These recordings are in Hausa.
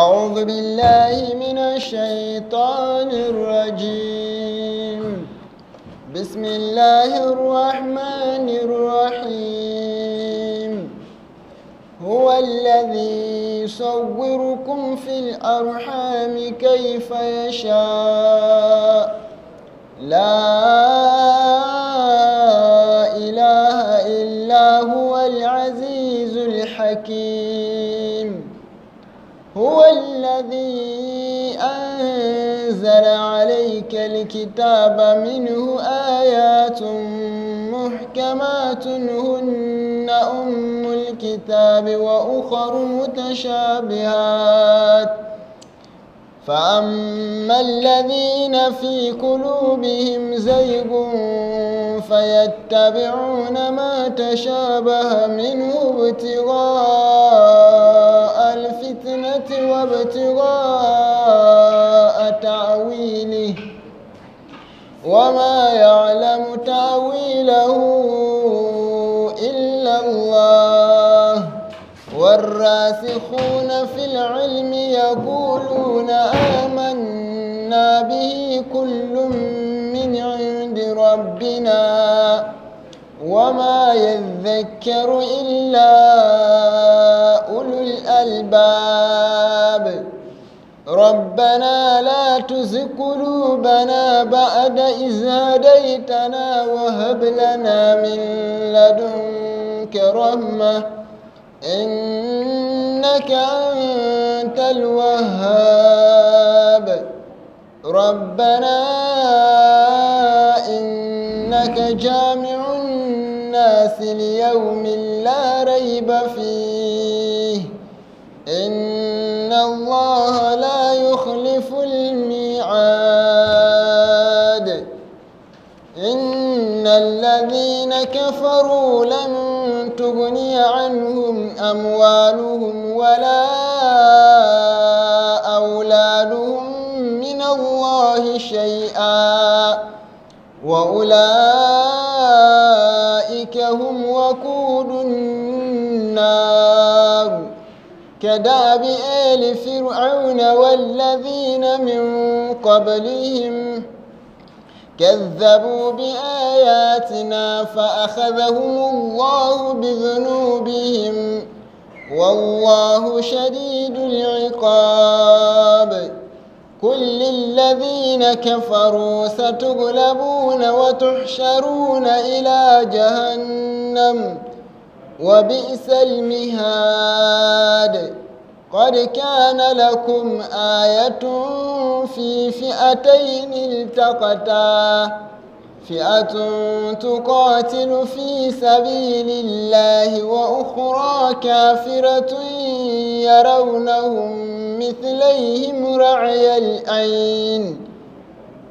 أعوذ بالله من الشيطان الرجيم بسم الله الرحمن الرحيم هو الذي يصوركم في الأرحام كيف يشاء لا إله إلا هو العزيز الحكيم الذي أنزل عليك الكتاب منه آيات محكمات هن أم الكتاب وأخر متشابهات فأما الذين في قلوبهم زيغ فيتبعون ما تشابه منه ابتغاء وابتغاء تعويله وما يعلم تاويله الا الله والراسخون في العلم يقولون امنا به كل من عند ربنا وما يذكر إلا أولو الألباب ربنا لا تزغ قلوبنا بعد إذ هديتنا وهب لنا من لدنك رحمة إنك أنت الوهاب ربنا إنك جامع الناس ليوم لا ريب فيه إن الله لا يخلف الميعاد إن الذين كفروا لن تغني عنهم أموالهم ولا أولادهم من الله شيئا وأولئك وقود النار كداب آل فرعون والذين من قبلهم كذبوا بآياتنا فأخذهم الله بذنوبهم والله شديد العقاب قل للذين كفروا ستغلبون وتحشرون إلى جهنم وبئس المهاد قد كان لكم آية في فئتين التقتا فئة تقاتل في سبيل الله وأخرى كافرة يرونهم مثليهم رعي العين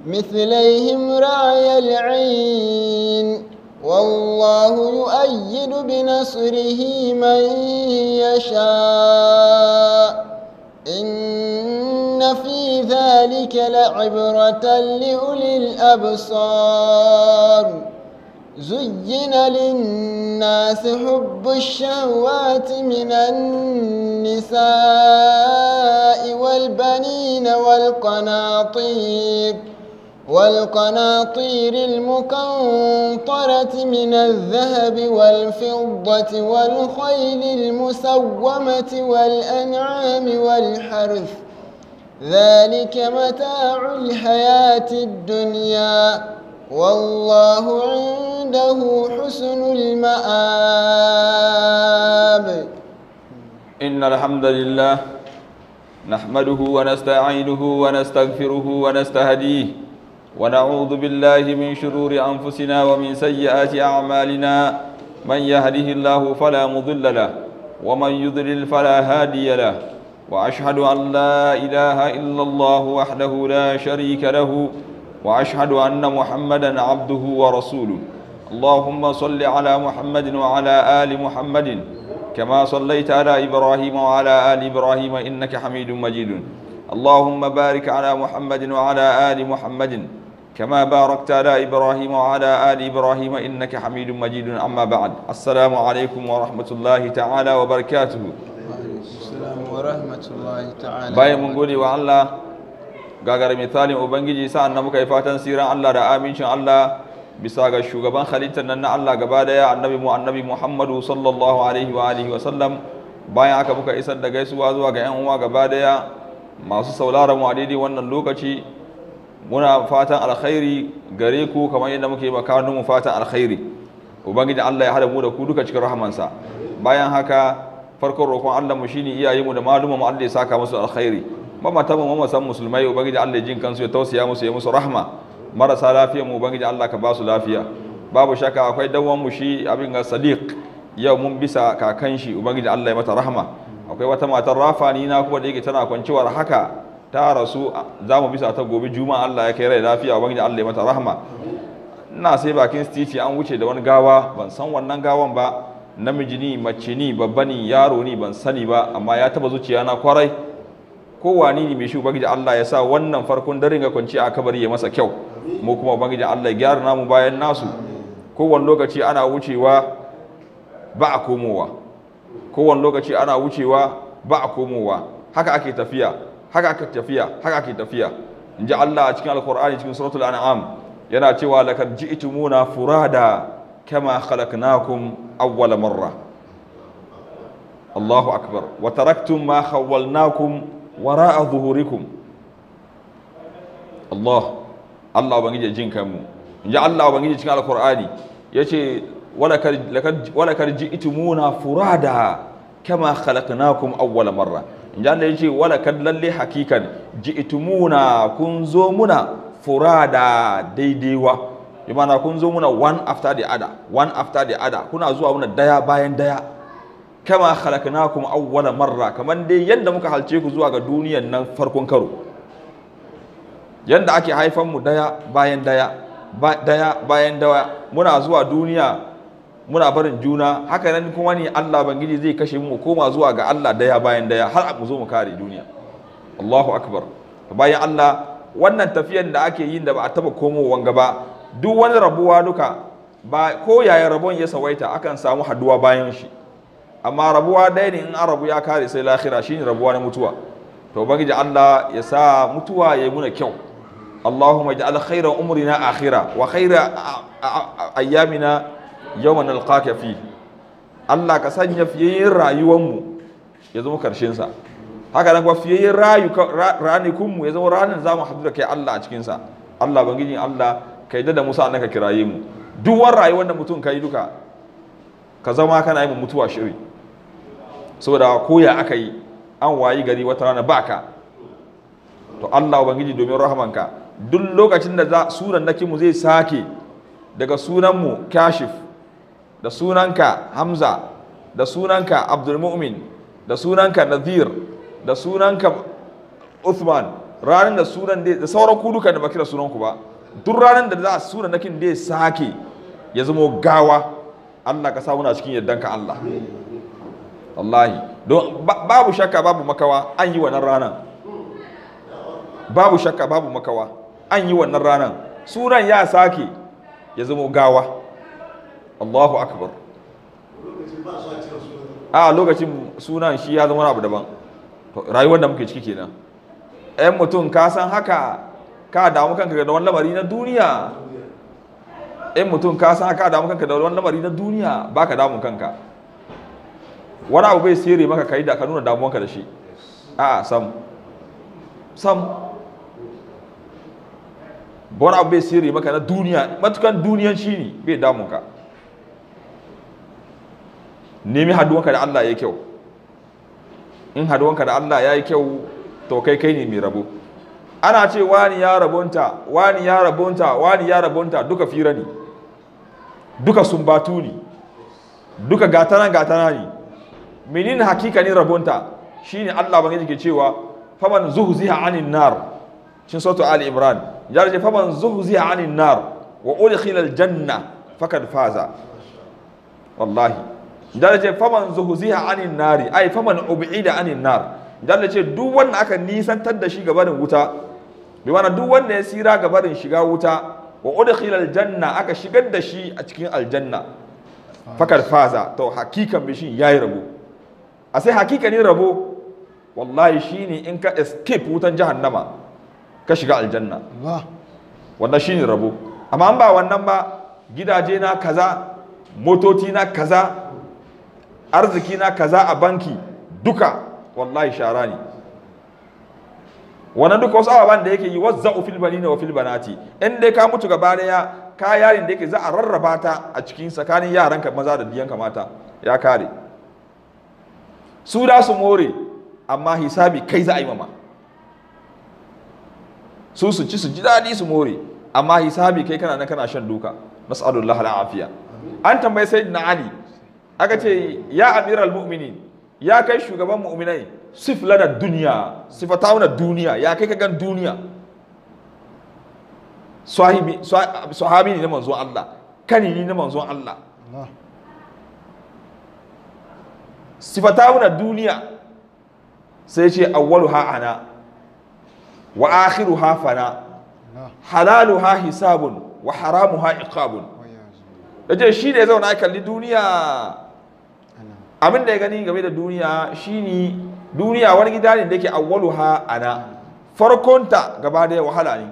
مثليهم رعي العين والله يؤيد بنصره من يشاء إن في ذلك لعبرة لأولي الأبصار زين للناس حب الشهوات من النساء والبنين والقناطير والقناطير المقنطرة من الذهب والفضة والخيل المسومة والأنعام والحرث ذلك متاع الحياة الدنيا والله عنده حسن المآب إن الحمد لله نحمده ونستعينه ونستغفره ونستهديه ونعوذ بالله من شرور أنفسنا ومن سيئات أعمالنا من يهده الله فلا مضل له ومن يضلل فلا هادي له واشهد ان لا اله الا الله وحده لا شريك له واشهد ان محمدا عبده ورسوله اللهم صل على محمد وعلى ال محمد كما صليت على ابراهيم وعلى ال ابراهيم انك حميد مجيد اللهم بارك على محمد وعلى ال محمد كما باركت على إبراهيم وعلى آل إبراهيم إنك حميد مجيد أما بعد السلام عليكم ورحمة الله تعالى وبركاته bayan mun gode wa Allah gagar misalin ubangiji sa'an nan muka yi fatan siran Allah da amincin Allah bisa ga shugaban halittar nan na Allah gaba daya annabi mu annabi Muhammadu sallallahu alaihi wa alihi wa sallam bayan aka muka isar da gaisuwa zuwa ga yan uwa gaba daya masu sauraron mu a daidai wannan lokaci muna fatan alkhairi gare ku kamar yadda muke makarin mu fatan alkhairi ubangiji Allah ya hada mu da ku duka cikin rahamansa bayan haka farkon roƙon Allah mu shine iyaye mu da malumma mu Allah ya saka musu alkhairi mamata mu san musulmai ubangiji Allah ya jin kansu ya tausaya musu ya musu rahma marasa lafiya mu ubangiji Allah ka ba su lafiya babu shaka akwai dawwan mu shi abin ga sadiq yau mun bisa kakan shi ubangiji Allah ya mata rahma akwai wata matar rafani ni na kuma da yake tana kwanciwar haka ta rasu za mu bisa ta gobe juma Allah ya kai rai lafiya ubangiji Allah ya mata rahma ina sai bakin titi an wuce da wani gawa ban san wannan gawan ba namiji ni mace ni babba ni yaro ni ban sani ba amma ya taba zuciya na kwarai ko wani ne mai shi ubangiji Allah ya sa wannan farkon daren ga kwanci a kabari ya masa kyau mu kuma ubangiji Allah ya gyara namu bayan nasu kowane lokaci ana wucewa ba a komowa kowane lokaci ana wucewa ba a komowa haka ake tafiya haka ake tafiya haka ake tafiya in Allah a cikin alkur'ani cikin suratul an'am yana cewa lakad ji'tumuna furada kama khalaqnakum awwala marra Allahu akbar wa taraktum ma khawwalnakum wara'a zuhurikum Allah Allah ubangije jin kanmu inji Allah ubangije cikin alqur'ani yace wala kar ji'tumuna furada kama khalaqnakum awwala marra inji Allah yace wala kad lalle hakikan itimuna kun zo muna da daidaiwa Imana kun zo muna one after the other one after the other kuna zuwa muna daya bayan daya kama khalaqnakum awwala marra kaman dai yadda muka halce ku zuwa ga duniyan nan farkon karo Yadda ake haifan mu daya bayan daya daya bayan daya muna zuwa duniya muna barin juna haka nan kuma ne Allah bangiji zai kashe mu koma zuwa ga Allah daya bayan daya har mu zo mu kare duniya Allahu akbar bayan Allah wannan tafiyan da ake yi da ba a taba wanga ba. duk wani rabuwa duka ba ko yaya rabon ya sawaita akan samu haduwa bayan shi amma rabuwa ɗaya ne in an rabu ya kare sai lahira shine rabuwa na mutuwa to ubangiji Allah ya sa mutuwa ya yi muna kyau Allahumma alkhaira khayra umrina akhira wa khaira ayyamina yawman nalqaka fi Allah ka sanya fiyayyen rayuwar mu ya zama karshen sa haka nan kuma fiyayyen rayu ranikun mu ya zama ranin zamu hadu da kai Allah a cikin sa Allah bangijin Allah kai da musa annaka kiraye mu duk wani rayuwar da mutum ka duka ka zama kana yi mu mutuwa shiri saboda koya aka yi an wayi gari wata rana baka to Allah ubangiji domin rahamanka duk lokacin da sunan naki mu zai sake daga sunan mu kashif da sunanka hamza da sunanka abdulmu'min da sunanka nazir da sunanka uthman ranar da sunan da sauran kudu duka da baki da sunan ku ba duk ranar da za a suna na da ya sake ya zama gawa Allah ka sa muna cikin ka Allah wallahi don babu shakka babu makawa an yi wannan ranar babu shakka babu makawa an yi wannan ranar sunan ya sake ya zama gawa Allahu akbar a lokacin sunan shi ya zama abu daban rayuwar da muke ciki kenan Yan mutum ka san haka ka damu kanka da wani lamari na duniya in mutum ka san ka damu kanka da wani lamari na duniya ba ka damun kanka wani abu bai sirri maka kai da ka nuna damuwanka da shi a'a sam sam wani abu bai sirri maka na duniya matukan duniyan shi ne bai ka. nemi haduwanka da Allah ya kyau in haduwanka da Allah ya yi kyau to kai kai ne mai rabo ana ce wani ya rabonta wani ya rabonta wani ya rabonta duka fira ne duka sumbatu ne duka gatana gatana ne hakika hakikanin rabonta shi ne Allah bangiji ke cewa faman zuhu ziha anin nar cin sautu ali imran ya ce faman zuhu ziha anin nar wa khilal janna fakad faza wallahi ya ce faman zuhu ziha anin nari ai faman ubida anin nar dalla ce duk wanda aka nisantar da shi gabanin wuta bi wani duk wanda ya sira ga barin shiga wuta wa udkhila aljanna aka shigar da shi a cikin aljanna fakar faza to hakikan bishin yayi rabo a sai hakikanin rabo wallahi shine in ka escape wutan jahannama ka shiga aljanna wannan shine rabo amma an ba wannan ba gidaje na kaza motoci na kaza arziki na kaza a banki duka wallahi shara ne wannan duka wasu ababen da yake yi wazza'u fil banina wa fil banati in dai ka mutu gaba daya ka yarin da yake za a rarraba ta a cikin tsakanin yaranka maza da diyanka mata ya kare su da su more amma hisabi kai za a yi mama su su ci su ji daɗi su more amma hisabi kai kana nan kana shan duka nas'alullah al'afiya an tambayi sayyidina ali aka ce ya amiral mu'minin ya kai shugaban mu'minai sif na duniya sifata na duniya ya kai ka gan duniya sahabi ne na manzon Allah kani ne na manzon Allah sifata na duniya sai ce ha ana wa ha fana Halalu ha hisabun wa haramu ha iqabun ce shi ne zauna kalli duniya abin da ya gani game da duniya shi ne. duniya wani gida ne da yake awwaluha ana farkonta gaba daya wahala ne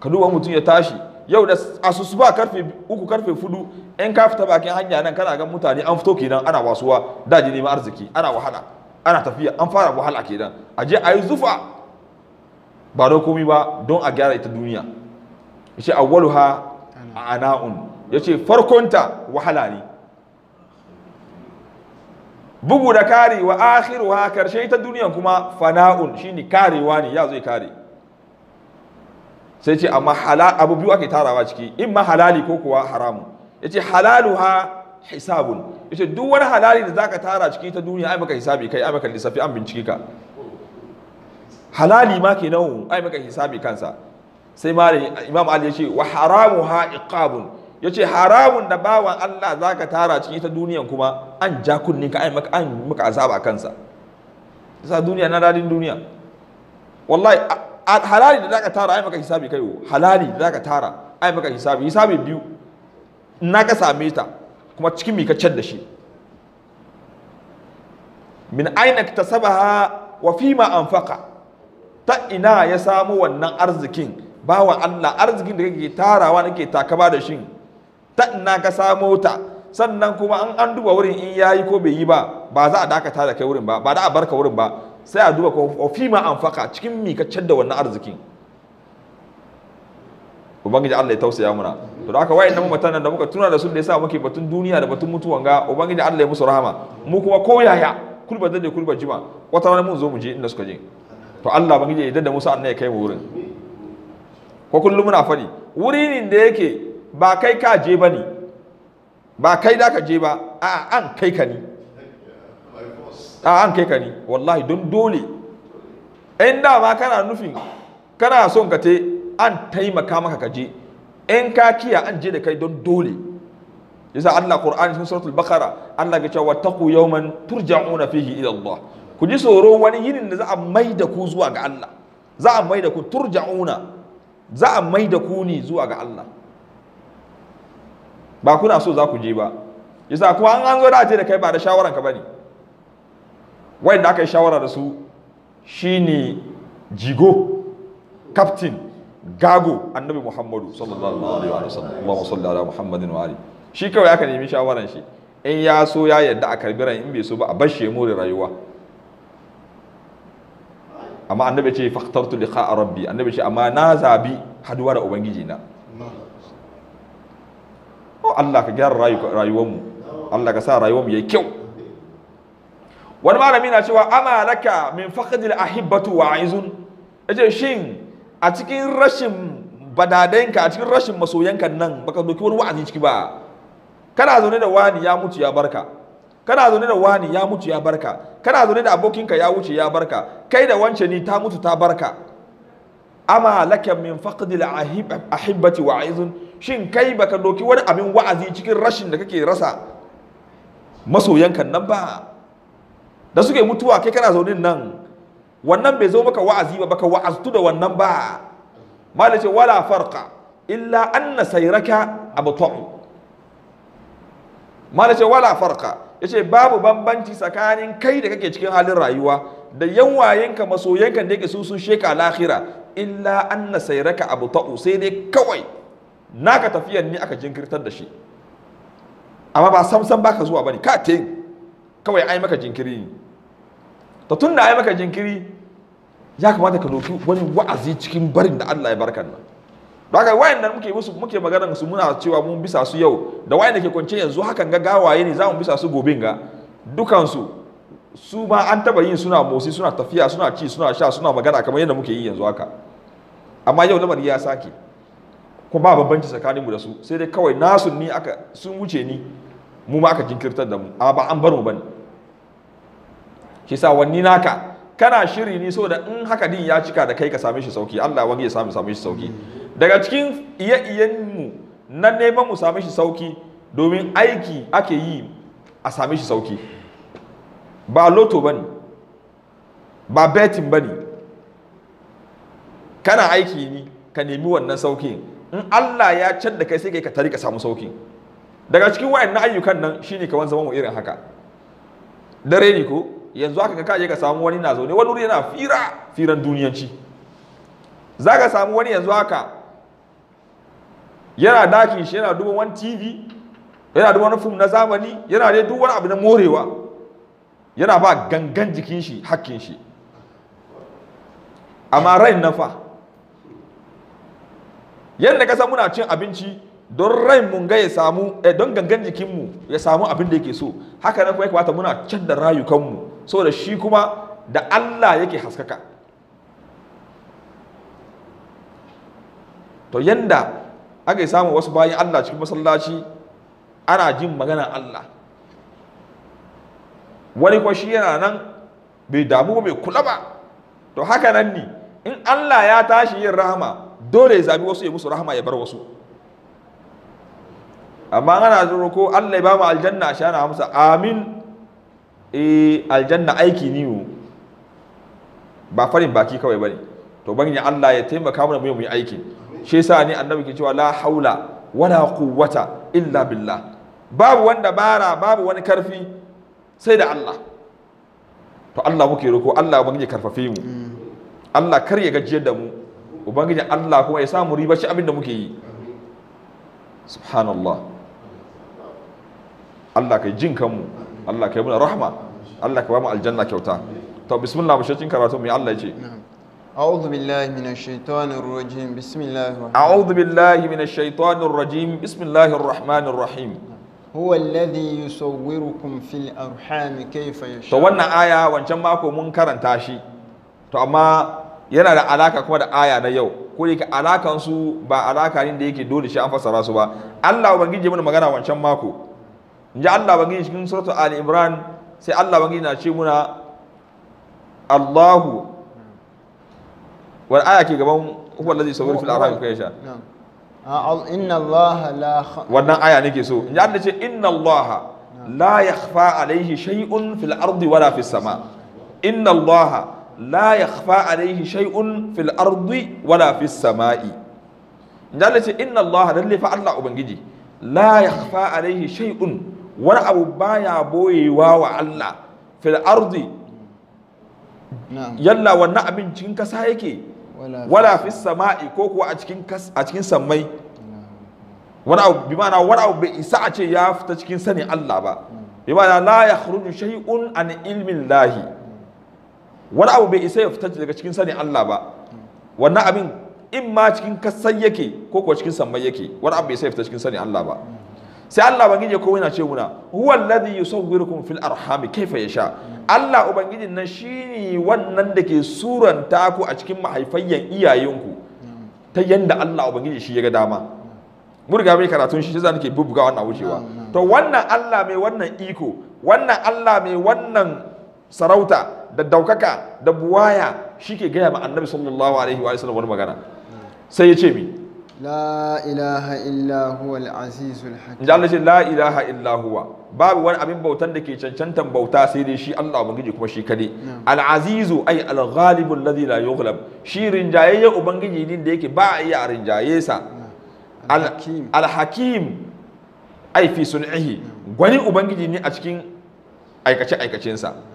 ka duba mutum ya tashi yau da asusu ba karfe uku karfe fudu in ka fita bakin hanya nan kana ga mutane an fito kenan ana wasuwa daji ma arziki ana wahala ana tafiya an fara wahala kenan a je a yi zufa ba don komi ba don a gyara ita duniya Ya yace awwaluha ana'un ce farkonta wahala ne bugu da kare wa akhiru ha karshe ta duniyan kuma fana'un shine karewa ne ya zai kare sai ce amma halal abu biyu ake tarawa ciki in ma halali ko kuwa haramu yace halalu ha hisabun yace duk wani halali da zaka tara ciki ta duniya ai maka hisabi kai ai maka lissafi an bincike ka halali ma kenan ai maka hisabi kansa sai ma imam ali yace wa haramu ha iqabun ya ce haramun da bawan Allah za ka tara cikin ita duniyan kuma an ja kunni ka an muka azaba kansa isa duniya na dadin duniya wallahi halali da za ka tara ai maka hisabi kai halali da za ka tara ai maka hisabi hisabi biyu na ka same ta kuma cikin mi ka da shi min aina tasabaha wa fima anfaqa ta ina ya samu wannan arzikin bawan Allah arzikin da kake tarawa nake takaba da shi? ta ina ka samo ta sannan kuma an an duba wurin in yayi ko bai yi ba ba za a dakata da kai wurin ba ba da a barka wurin ba sai a duba ko fima anfaka cikin mi ka cadda wannan arzikin ubangiji Allah ya tausaya muna to da haka wayannan mutanen da muka tuna da su da yasa muke batun duniya da batun mutuwan ga ubangiji Allah ya musu rahama mu kuma ko yaya kulba da kulba jima wata rana mun zo mu je inda suka je to Allah ubangiji ya da musu annai ya kai mu wurin ko kullum muna fadi wuri ne da yake ba kai ka je ba ne ba kai da ka je ba a an kai ka ni a an kai ka ni wallahi don dole in dama kana nufin kana son ka te an taimaka maka ka je in ka kiya an je da kai don dole yasa Allah Qur'ani sun suratul Baqara Allah ya ce wattaqu yawman turja'una fihi ila Allah ku ji tsoro wani yinin da za a mai da ku zuwa ga Allah za a mai da ku turja'una za a mai da ku ne zuwa ga Allah ba kuna so za ku je ba yasa kuma an an zo da ce da kai ba da shawaran ka bane wai aka yi shawara da su shine jigo captain gago annabi muhammadu sallallahu alaihi wa sallam Allahumma salli ala muhammadin wa ali shi kawai aka nemi shawaran shi in ya so ya yadda a karbi ran in bai so ba a bashe mu da rayuwa amma annabi ce faqtartu liqa rabbi annabi ce amma na zabi haduwa da ubangiji na oh Allah ka gyara rayuwarmu Allah ka sa rayuwarmu yayi kyau wani malami na cewa ama laka min faqdil hibbatu wa aizun yace shin a cikin rashin badadayenka a cikin rashin masoyanka nan baka doki wani wa'azi ciki ba kana zaune da wani ya mutu ya barka kana zaune da wani ya mutu ya barka kana zaune da abokinka ya wuce ya barka kai da wance ni ta mutu ta barka ama laka min faqdil ahibati wa aizun shin kai baka doki wani abin wa'azi cikin rashin da kake rasa masoyankan nan ba da suke mutuwa kai kana zaunin nan wannan bai zo maka wa'azi ba baka wa'aztu da wannan ba malai ce wala farqa illa anna sayraka abta'u malai ce wala farqa yace babu bambanci tsakanin kai da kake cikin halin rayuwa da yanwayenka masoyanka da yake su sun sheka lahira illa anna sayraka abta'u sai dai kawai naka tafiyan ne aka jinkirtar da shi amma ba ba baka zuwa bane ka te kawai ai maka jinkiri ne to tunda ai maka jinkiri ya kamata ka doki wani wa'azi cikin barin da Allah ya barka nan don haka da muke musu muke magana su muna cewa mun bisa su yau da da ke kwance yanzu hakan ga gawaye ne za mu bisa su gobe ga dukansu su ma an taba yin suna motsi suna tafiya suna ci suna sha suna magana kamar yadda muke yi yanzu haka amma yau lamari ya sake kuma ba bambanci tsakaninmu da su sai dai kawai nasu ni aka sun wuce ni mu ma aka jinkirtar da mu a ba an bar mu bane shi sa wanni naka kana shiri ni saboda in haka din ya cika da kai ka same shi sauki Allah wani ya samu same shi sauki daga cikin iye-iyen mu na neman mu same shi sauki domin aiki ake yi a same shi sauki ba loto bane ba betting bane kana aiki ni ka nemi wannan saukin in Allah ya can da kai sai kai ka tari ka samu sauki daga cikin na ayyukan nan shine kaman zaman irin haka dare ne ko yanzu haka ka je ka samu wani na zaune wani wuri yana fira firan duniyanci za ka samu wani yanzu haka yana dakin shi yana duba wani tv yana duba wani fim na zamani yana dai duk wani abu na morewa yana ba gangan jikin shi hakkin shi amma rai na fa yadda kasa muna cin abinci don rai mun ga ya samu eh, don gangan jikinmu ya samu abin da yake so haka nan kuma ya kamata muna can da rayukanmu saboda shi kuma da Allah yake haskaka to yanda aka yi samun wasu bayan Allah cikin masallaci ana jin maganar Allah wani kwashi yana nan bai damu ba bai kula ba to haka nan ne in Allah ya tashi yin rahama dole ya zabi wasu ya musu rahama ya bar wasu amma ana zuru ko Allah ya ba mu aljanna a shana musa amin eh aljanna aiki ne ba farin baki kawai bane to bangin Allah ya taimaka mana mu yi aiki shi yasa ne annabi ke cewa la haula wala quwwata illa billah babu wanda bara babu wani karfi sai da Allah to Allah muke roko Allah ubangiji karfafe mu mm. Allah kar ya gajiyar da mu ubangiji Allah kuma ya samu riba shi abin da muke yi subhanallah Allah ka yi jin kanmu Allah ka yi muna rahma Allah ka ba mu aljanna kyauta to bismillah bashacin karatu mai Allah ya ce أعوذ بالله من الشيطان الرجيم بسم الله أعوذ بالله من الشيطان الرجيم بسم الله الرحمن الرحيم هو الذي يصوركم في الأرحام كيف يشاء to wannan aya wancan mako mun karanta shi to amma yana da alaka kuma da aya na yau ko da alakan su ba alaka ne da yake dole shi an fassara su ba Allah ubangiji mana magana wancan mako inji Allah ubangiji cikin suratu Ali Imran sai Allah ubangiji na ce muna Allahu wal aya ke gaban huwa allazi sawwara fil arham kaysha inna Allah la wannan aya nake so inji Allah ce inna Allah la yakhfa alaihi shay'un fil ardi wala fis sama inna Allah la yakhfa alaihi shay'un fil ardi wala fis sama'i jalla ce inna Allah lalle fa Allah ubangiji la yakhfa alaihi wani abu baya boyewa wa Allah fil yalla wannan abin cikin kasa yake wala fis sama'i ko kuwa a cikin a cikin wani abu bai isa a ce ya fita cikin sanin Allah ba la yakhruju an ilmin lahi wani abu bai isa ya fita daga cikin sani Allah ba wannan abin in ma cikin kasan yake ko kuwa cikin samman yake wani abu bai isa ya fita cikin sani Allah ba sai Allah ubangiji ko yana ce muna huwa alladhi yusawwirukum fil kaifa ya sha. Allah ubangijin nan shine wannan da ke suranta ku a cikin mahaifayyan iyayenku ta yadda Allah ubangiji shi ya ga dama mun riga mai karatun shi sai nake bubuga wannan wucewa to wannan Allah mai wannan iko wannan Allah mai wannan sarauta da daukaka da buwaya shi ke gaya ma annabi sallallahu alaihi wa sallam wani magana sai ya ce mi la ilaha illa huwa al-azizul hakim Allah ce la ilaha illa huwa babu wani abin bautan da ke cancantan bauta sai dai shi Allah ubangiji kuma shi kadai al-azizu ay al-ghalibul ladhi la yughlab shi rinjayayyen ubangiji din da yake ba a iya rinjaye sa al-hakim ay fi sun'ihi gwani ubangiji ne a cikin aikace aikacensa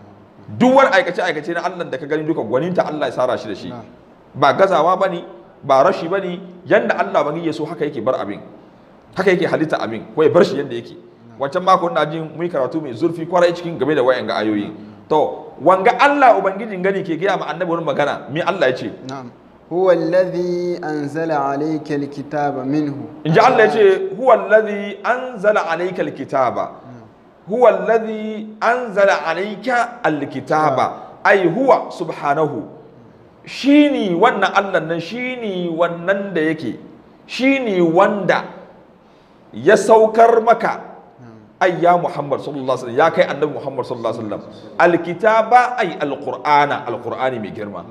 duk wani aikace aikace na Allah da ka gani duka gwaninta Allah ya sara shi da shi ba gazawa bane ba rashi bane yadda Allah bani ya so haka yake bar abin haka yake halitta abin ko ya bar shi yanda yake wancan mako na jin mun karatu mai zurfi kwarai cikin game da wayan ga ayoyi to wanga Allah ubangijin gani ke gaya ma annabi wurin magana me Allah ya ce huwa alladhi anzala alayka alkitaba minhu in ji Allah ya ce huwa anzala huwa alladhi anzala alayka alkitaba ai huwa subhanahu shine wannan Allah nan shine wannan da yake shine wanda ya saukar maka ai ya Muhammad sallallahu alaihi ya kai annabi Muhammad sallallahu alaihi wasallam alkitaba ai alqur'ana alqur'ani mai girma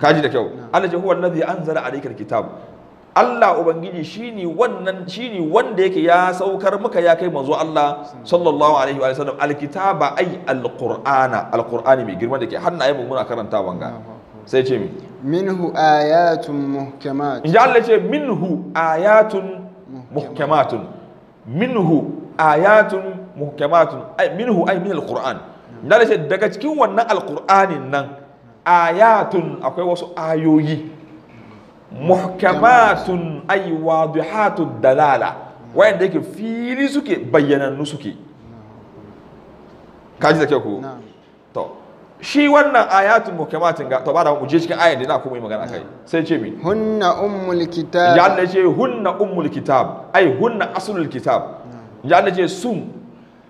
kaji da kyau Allah ce huwa alladhi anzala Allah ubangiji ne wannan shi ne wanda yake ya saukar muka ya kai manzo Allah sallallahu alaihi wa sallam alkitaba ai alqur'ana alqur'ani mai girma dake hannaye mu muna karanta wanga sai ce mi minhu ayatun muhkamat inda Allah ce minhu ayatun muhkamatun minhu ayatun muhkamatun ai minhu ai min alquran Allah ce daga cikin wannan alqur'anin nan ayatun akwai wasu ayoyi muhkamatun ay wadihatu dalala wayanda yake fili suke bayyanannu suke kaji da ke ku. to shi wannan ayatun muhkamatin ga to ba da mu cikin ayan da na kuma yi magana kai sai ce mi hunna ummul kitab ya Allah ce hunna ummul kitab ay hunna aslul kitab ya Allah ce su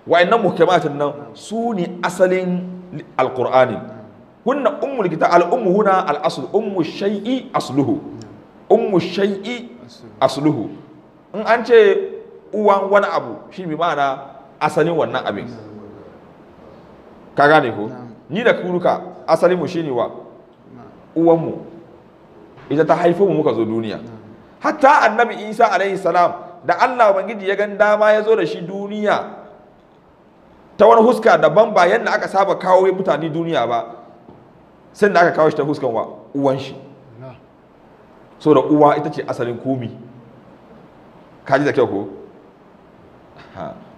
wayannan muhkamatin nan su ne asalin alqur'ani hunna ummul kitab al ummu huna al asl ummu shay'i asluhu ummu shay'i asluhu in an ce uwan wani abu shi bi ma'ana asalin wannan abin ka gane ko ni da kuruka asalin mu shine wa uwan mu ita ta haifo mu muka zo duniya hatta annabi Isa alaihi salam da Allah ubangiji ya gan dama ya zo da shi duniya ta wani huska daban ba yadda aka saba kawo mutane duniya ba sai da aka kawo shi ta huskan wa uwan shi so da uwa ita ce asalin komi kaji da kyau ko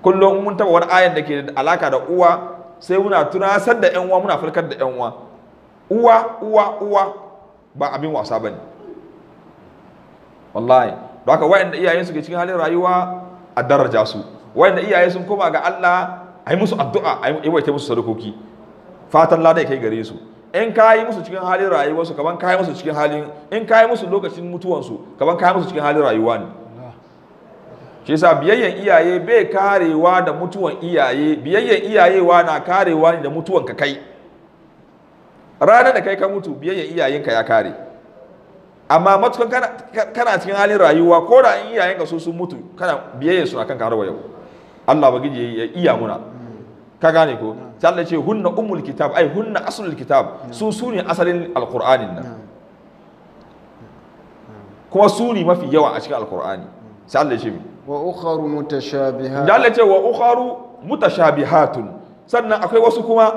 kullum mun taba wani ayan da ke da alaka da uwa sai muna tunasar da yan uwa muna farkar da yan uwa uwa uwa uwa ba abin wasa ne wallahi don haka wayanda iyayen su ke cikin halin rayuwa a daraja su wayanda iyaye sun koma ga Allah a yi musu addu'a a yi musu sadakoki fatan lada ya kai gare su in ka yi musu cikin halin rayuwarsu kaman ka yi musu cikin halin in ka yi musu lokacin mutuwansu kaman ka yi musu cikin halin rayuwa ne shi yasa biyayyen iyaye bai karewa da mutuwan iyaye biyayyen iyayewa na karewa ne da mutuwan ka kai ranar da kai ka mutu biyayyen iyayenka ya kare amma matukan kana cikin halin rayuwa ko da in iyayenka so sun mutu kana biyayyen su akan karewa yau Allah bagiji ya iya muna ka gane ko sai Allah ce hunna ummul kitab ai hunna aslul kitab su su ne asalin alqur'anin nan kuma su ne mafi yawa a cikin alqur'ani sai Allah ce wa ukharu mutashabihat da Allah ce wa ukharu mutashabihatun sannan akwai wasu kuma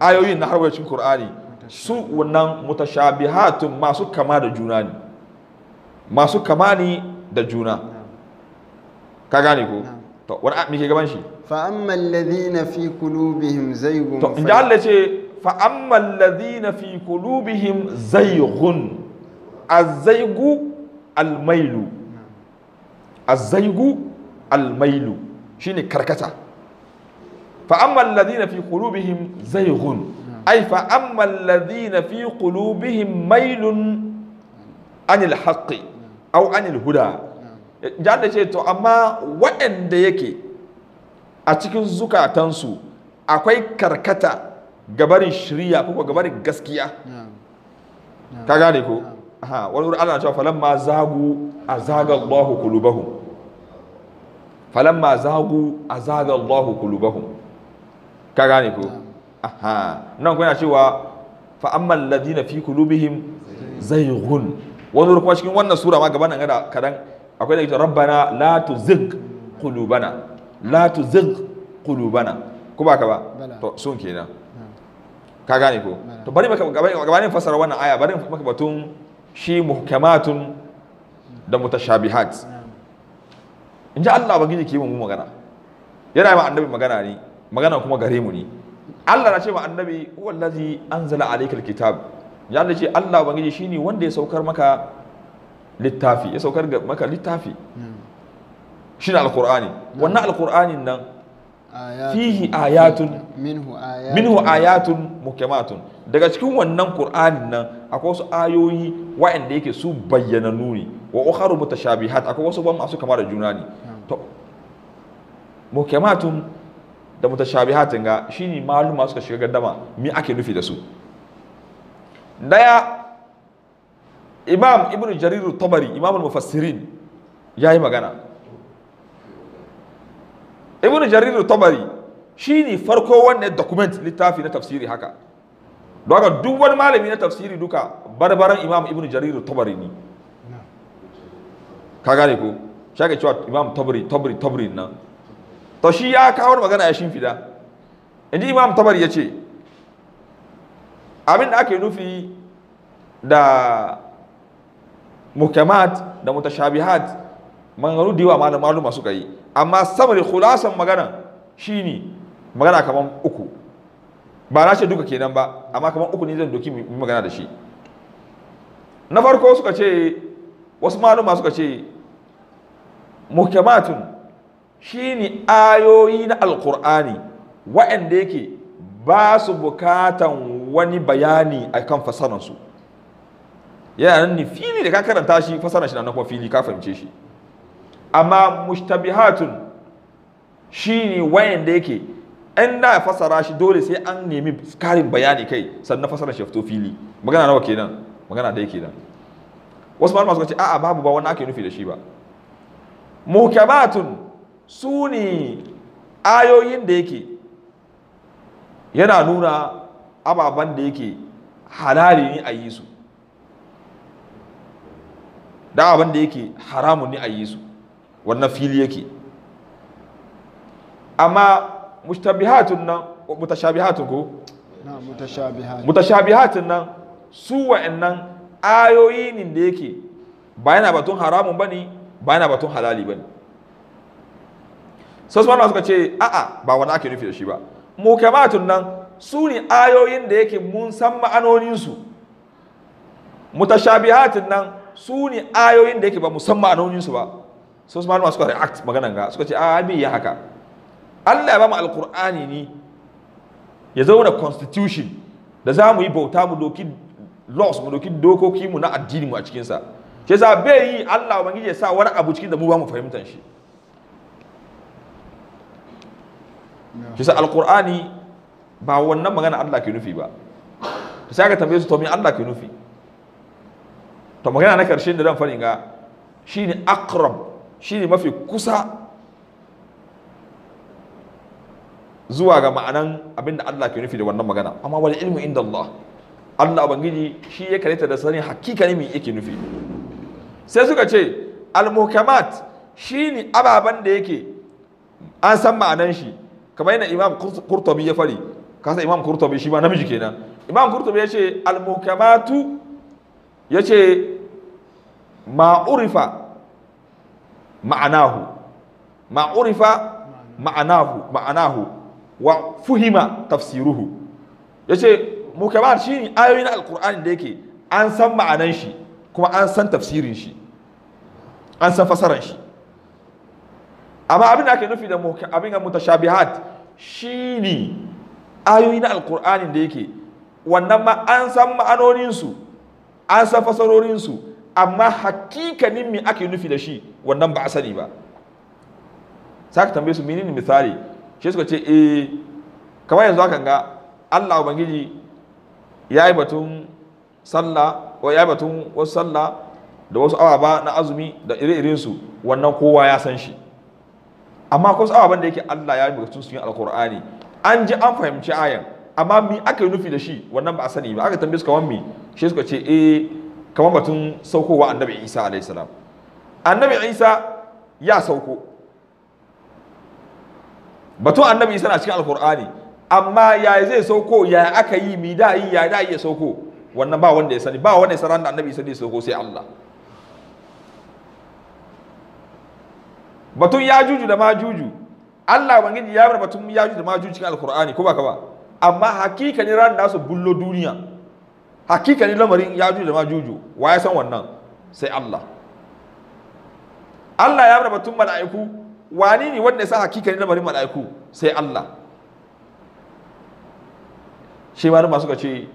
ayoyin na harwacin qur'ani su wannan mutashabihatun masu kama da juna ne masu kama ne da juna ka gane ko to wani a ke gaban shi fa amma alladhina fi qulubihim zaygun to inda Allah ce fa amma alladhina fi qulubihim A azaygu almailu azaygu almailu shine karkata fa amma alladhina fi qulubihim zaygun ay fa amma alladhina fi kulubihim mailun anil haqqi aw anil huda jada ce to amma waɗanda yake a cikin zukatansu akwai karkata gabarin shirya ko gabarin gaskiya ka gane ko ha wani wurin ana cewa falamma zagu a zaga Allahu kulubahum falamma zagu a zaga Allahu kulubahum ka gane ko aha nan kuma yana cewa fa amma alladhina fi zai hun. wani wurin kuma cikin wannan sura ma gabanin nan kadan akwai da ita rabbana la tuzigh kulubana la tuzigh kulubana ko ba ka ba to sun kenan ka gane ko to bari maka gabanin fasara wannan aya bari maka batun shi muhkamatun da mutashabihat in ji Allah ba gini ke mu magana yana ma annabi magana ne magana kuma gare mu ne Allah na ce ma annabi wallazi anzala alaykal kitab ya Allah ce Allah shi shine wanda ya saukar maka littafi ya saukar maka littafi hmm. shi ne alkur'ani hmm. wannan alkur'anin nan fihi ayatun minhu ayatun muhkamatun daga cikin wannan kur'ani nan akwai wasu ayoyi wa'anda yake su bayyana nuni wa ukharu mutashabihat akwai wasu ban masu kama da juna ne hmm. to muhkamatun da mutashabihatin ga shine maluma suka shiga gaddama me ake nufi da su daya imam ibn jarir tabari imam mufassirin ya yi magana ibn jarir tabari shi ne farko wannan document littafi na tafsiri haka don haka duk wani malami na tafsiri duka barbaran imam ibn jarir tabari ne ka gane ko shaka cewa imam tabari tabari tabari nan to shi ya kawo magana ya shimfida inji imam tabari ya ce abin da ake nufi da mukamat da mutashabihat maganganu diwa yawa malam maluma suka yi amma sama da khulasan magana shine magana kaman uku ba na ce duka kenan ba amma kaman uku ne zan doki mu magana da shi na farko suka ce wasu maluma suka ce mukamatun shine ayoyi na alqur'ani wa'anda yake ba su bukatan wani bayani akan su yana nan ni fili da ka karanta shi fasara shi na kuma fili ka fahimce shi amma mushtabihatun shine wayanda yake in da fasara shi dole sai an nemi karin bayani kai sannan fasara shi ya fito fili magana nawa kenan magana da kenan wasu malama suka ce a'a babu ba wani ake nufi da shi ba muhkamatun su ne ayoyin da yake yana nuna ababen da yake halali ne a yi su da abin da yake haramun ni a yi su wannan fili yake amma mutashabihatun nan mutashabihatun ko mutashabihatun nan su wa'annan ayoyi ne da yake ba yana batun haramun bane ba yana batun halali bane sai su suka ce a'a ba wani ake nufi da shi ba mukamatun nan su ne ayoyin da yake mun san ma'anoninsu mutashabihatun nan su ne ayoyin da yake ba musamman a nauninsu ba su su malama suka react magana ga suka ce a ah, bi ya haka Allah ya ba mu alkur'ani ne ya zauna constitution da za mu yi bauta mu doki laws mu doki dokoki mu na addini mu a cikinsa shi za bai yi Allah ubangiji ya sa wani abu cikin da mu ba mu fahimtar shi shi sa alkur'ani ba wannan magana Allah ke nufi ba sai aka tambaye su to me Allah ke nufi to magana na karshen da zan fani ga akram shi ne mafi kusa zuwa ga ma'anan abinda Allah ke nufi da wannan magana amma wani ilmu inda Allah Allah bangiji shi ya kareta da sani hakika ne mai yake nufi sai suka ce al-muhkamat ne ababen da yake an san ma'anan shi kamar yana imam kurtobi ya fari kasa imam kurtobi shi ma namiji kenan imam kurtobi ya ce al-muhkamatu ya ce Ma'urifa ma'anahu ma'urifa ma'anahu ma'anahu wa fuhima tafsiruhu yace mukabar shine ayoyin alqur'ani da yake an san ma'anan shi kuma an san tafsirin shi an san fasaran shi amma abin da ake nufi da abin mutashabihat shine ayoyi na alkur'anin da yake wannan ma an san ma'anoninsu an san fasarorinsu amma hakikanin me ake nufi da shi wannan ba a sani ba sai ka tambaye su menene misali shi suka ce eh kamar yanzu hakan ga Allah ubangiji ya yi batun sallah ko ya yi batun wasu sallah da wasu awaba na azumi da ire-iren su wannan kowa ya san shi amma ko su awaban da yake Allah ya yi batun su yin alkur'ani an ji an fahimci ayan amma me aka yi nufi da shi wannan ba a sani ba aka tambaye su kamar me shi suka ce eh kamar batun saukowa annabi isa alaihi annabi isa ya sauko batun annabi isa na cikin alkur'ani amma yaya zai sauko yaya aka yi mi da yi yaya da ya sauko wannan ba wanda ya sani ba wanda ya sani da annabi isa zai sauko sai Allah batun ya juju da ma juju Allah ubangiji ya bar batun ya juju da ma juju cikin alkur'ani ko ba ka ba amma hakika ne ran nasu su bullo duniya hakikanin lamarin ya juju da juju wa ya san wannan sai Allah Allah ya batun mala'iku wani ne wanda ya san hakikanin lamarin mala'iku sai Allah shi ma masu ka ce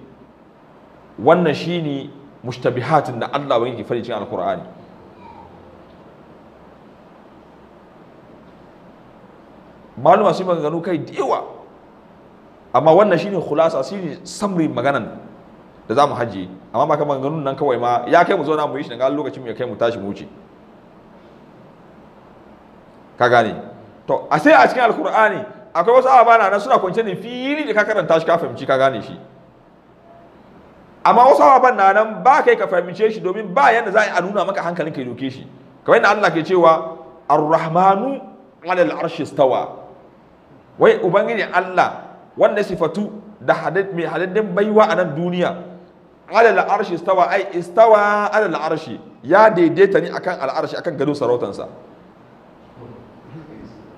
wannan shi ne mushtabihatin da Allah wani ke fari cikin alkur'ani maluma masu yi maganganu kai da yawa amma wannan shi ne khulasa shi ne samri maganan da za mu haji amma ba kamar ganun nan kawai ma ya kai mu zo na mu yi shi daga lokacin mu ya kai mu tashi mu wuce ka gane to a sai a cikin alkur'ani akwai wasu bana nan suna kwance ne fili da ka karanta shi ka fahimci ka gane shi amma wasu abu bana nan ba kai ka fahimce shi domin ba yanda za a nuna maka hankalin ka doke shi kamar yadda Allah ke cewa ar-rahmanu ala al-arshi stawa wai ubangiji Allah wanda sifatu da mai hadaddin baiwa a nan duniya alal arshi istawa ai istawa alal arshi ya daidaita ni akan al akan gado sarautansa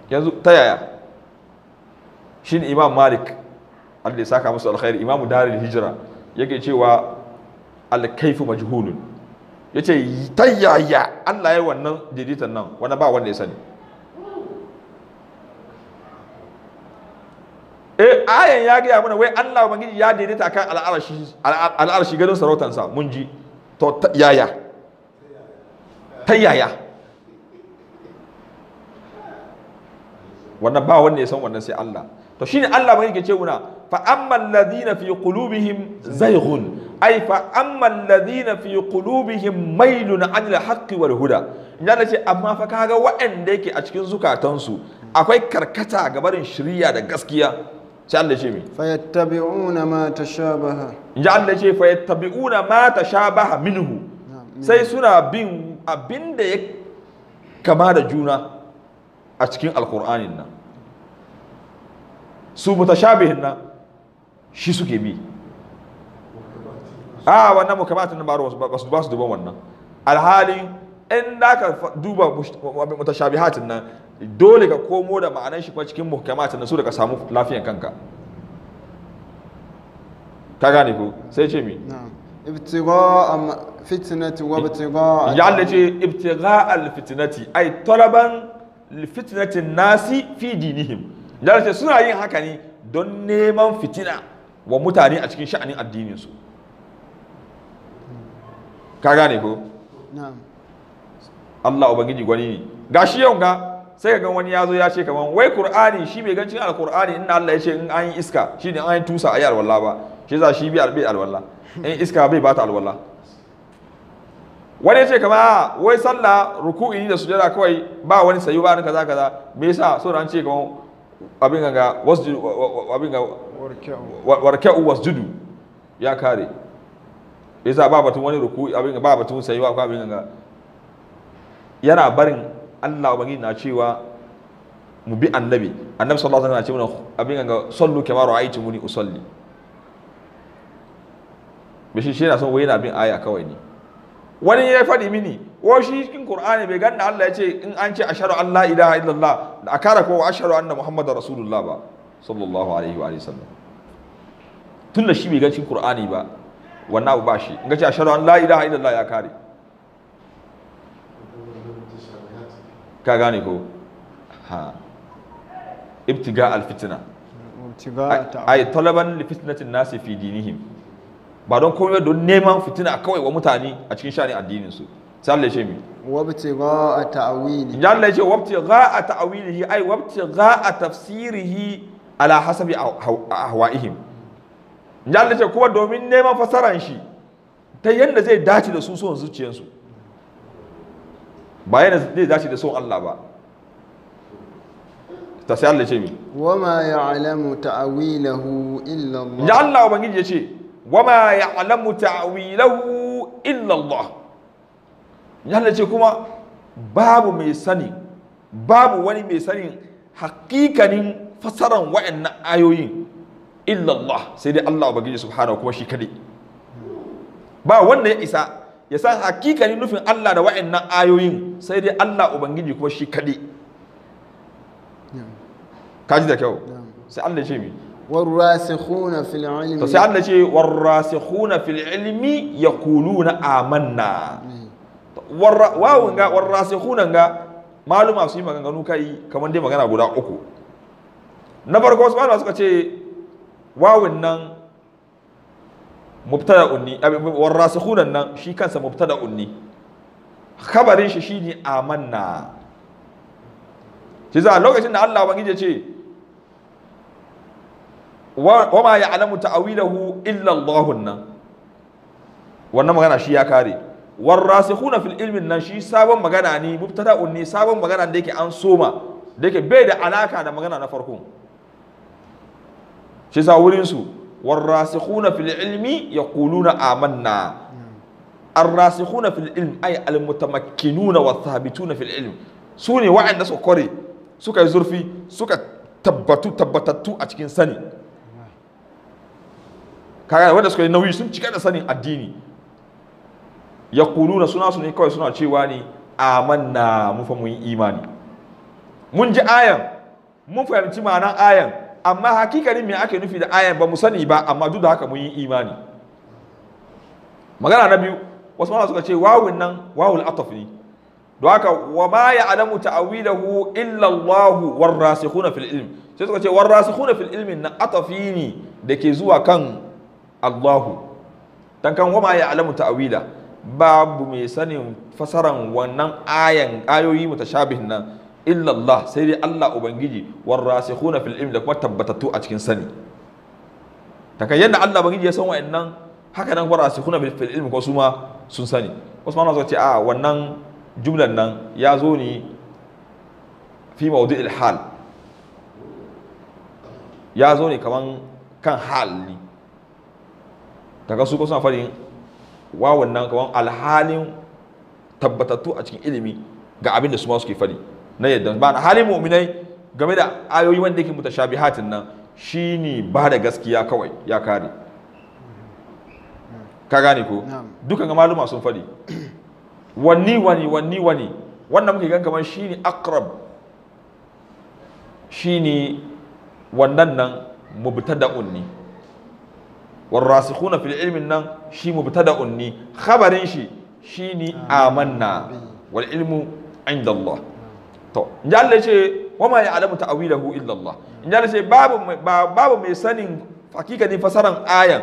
yanzu ta yaya shin imam malik allah ya saka musu alkhairi imamu daril hijira yake cewa alkaifu majhulun yace ta yaya allah ya wannan daidaitan nan wani ba wanda ya sani eh ayan ya gaya mana wai Allah ubangiji ya daidaita akan al'arshi al'arshi gadon sarautansa mun ji to yaya ta yaya wannan ba wanda ya san wannan sai Allah to shine Allah ba ke ce muna fa ammal ladina fi qulubihim hun. ay fa ammal ladina fi qulubihim mailun anil haqqi wal huda ina ce amma fa kaga waɗanda yake a cikin zukatansu akwai karkata ga barin shiriya da gaskiya sai Allah ce me fayattabi'una ma tashabaha inji Allah ce fayattabi'una ma tashabaha minhu sai suna bin abinda ya kama da juna a cikin alkur'anin nan su mu mutashabihin nan shi suke bi a wannan mukamatin nan ba su duban wannan alhalin in da ka duba mu ta mutashabihatin nan dole ka komo da ma'anar shi kuma cikin muhkama ta su da ka samu lafiyan kanka ka gane ko sai ce mi ibtigha'a fitnati wa ibtigha'a yalla ce ibtigha'a alfitnati ai fitnati nasi fi dinihim yalla ce suna yin haka ne don neman fitina wa mutane a cikin sha'anin addinin su ka gane ko na'am Allah ubangiji gwani ne gashi yau ga sai ga wani ya zo ya ce kaman wai qur'ani shi bai gancin alqur'ani inna Allah ya ce in an yi iska shi ne an yi tusa ayi alwala ba shi za shi bai albi alwala in iska bai bata alwala wani ya ce kamar wai sallah ruku'i da sujada kawai ba wani sayu ba ni kaza kaza me yasa so ran ce kaman abin ga wasjud abin ga warka'u wasjudu ya kare yasa ba batun wani ruku'i abin ga ba batun sayu ba abin ga yana barin Allah ubangiji na cewa mu bi annabi annabi sallallahu alaihi wasallam na ce mana abin ga sallu kama ra'aytu muni usalli bishi shi yana son wai yana bin aya kawai ne wani ya faɗi mini wa shi cikin qur'ani bai ganna Allah ya ce in an ce ashhadu an la ilaha illallah da akara ko ashhadu anna muhammadar rasulullah ba sallallahu alaihi wa sallam tunda shi bai ga cikin qur'ani ba wannan abu ba shi in ga ce ashhadu an la ilaha illallah ya kare ka gane ko ha ibtiga alfitna ay talaban li nasi fi dinihim ba don komai don neman fitina kawai wa mutane a cikin shani addinin su sai Allah ya ce mi ga a ta'awili Allah ya ce wabtigha ta'wilihi ay wabtigha tafsirihi ala hasabi a ya Allah ce kuma domin neman fasaran shi ta yadda zai dace da su suwan zuciyarsu ba yana zai shi da son Allah ba ta sai Allah ce mi wama ya alamu ta'awilahu illallah. ya Allah ubangiji ya ce wama ya alamu ta'awilahu illallah ya Allah ce kuma babu mai sani babu wani mai sani hakikanin fasaran wa'annan ayoyin illallah Allah sai dai Allah ubangiji subhanahu kuma shi kadai ba wanda ya isa ya san hakikani nufin Allah da wa'annan ayoyin sai dai Allah ubangiji kuma shi kaɗai kaji da kyau sai Allah ce mi warrasikhuna fil ilmi to sai Allah ce warrasikhuna fil ilmi yaquluna amanna wawun ga warrasikhuna ga maluma su yi maganganu kai kamar dai magana guda uku na farko wasu maluma suka ce wawun nan mubtada unni war rasikhuna nan shi kansa mubtada unni khabarin shi shine amanna shi za lokacin da Allah ubangiji ce wa ma ya'lamu ta'wilahu illa Allah nan wannan magana shi ya kare war rasikhuna fil ilmin nan shi sabon magana ne mubtada unni sabon magana da yake an soma da yake bai da alaka da magana na farko shi sa wurin su والراسخون في العلم يقولون آمنا الراسخون في العلم أي المتمكنون والثابتون في العلم سوني وعن ناس يزرفي تبتو تبتتو أتكين سني wanda suka yi nauyi sun cika da sanin addini ya suna kawai suna cewa ne amanna mun imani mun ji ayan mun fahimci ma'anar ayan amma hakikanin me ake nufi da ayan ba mu sani ba amma duk da haka mun yi imani magana na biyu wasu malama suka ce wawun nan wawul ataf ne don haka wa ma ya'lamu ta'wilahu illa Allah war rasikhuna fil ilm sai suka ce war rasikhuna fil ilmi na atafi ne dake zuwa kan Allahu. dan kan wa ma ya'lamu ta'wila babu mai sanin fasaran wannan ayan ayoyi mutashabihin nan illallah sai dai Allah ubangiji war rasikhuna fil ilm da kuma tabbatattu a cikin sani taka yadda Allah ubangiji ya san wa'annan haka nan war rasikhuna fil ilm ko su ma sun sani Usman zo ce a wannan jumlan nan ya zo ne fi mawdu'il hal ya zo ne kaman kan hali daga su ko suna faɗin wa wannan kaman alhalin tabbatattu a cikin ilimi ga abin da su ma suke fadi. na yadda ba na halin mu'minai game da ayoyi wanda yake mutashabihatin nan shine ba da gaskiya kawai ya kare ka gane ko dukan ga maluma sun fadi wani wani wani wani wannan muke gan kamar shine akrab shine wannan nan mubtada'un ne warasikhuna fil ilmin nan shi da unni khabarin shi shine amanna wani ilmu inda Allah to in ce wa ma ya alamu ta'awilahu illa Allah in ce babu babu mai sanin hakika ne fasaran ayan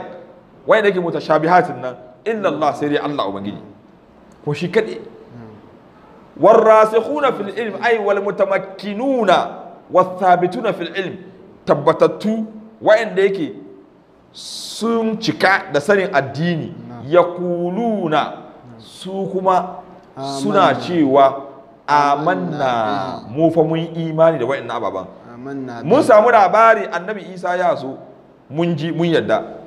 wanda yake mutashabihatin nan illa Allah sai dai Allah ubangiji ko shi kade warasikhuna fil ilm ay wal mutamakkinuna wathabituna fil ilm tabbatattu wayanda yake sun cika da sanin addini ya kuluna su kuma suna cewa amanna mu fa mun imani da wa'annan ababan mun samu labari annabi isa ya so mun ji mun yadda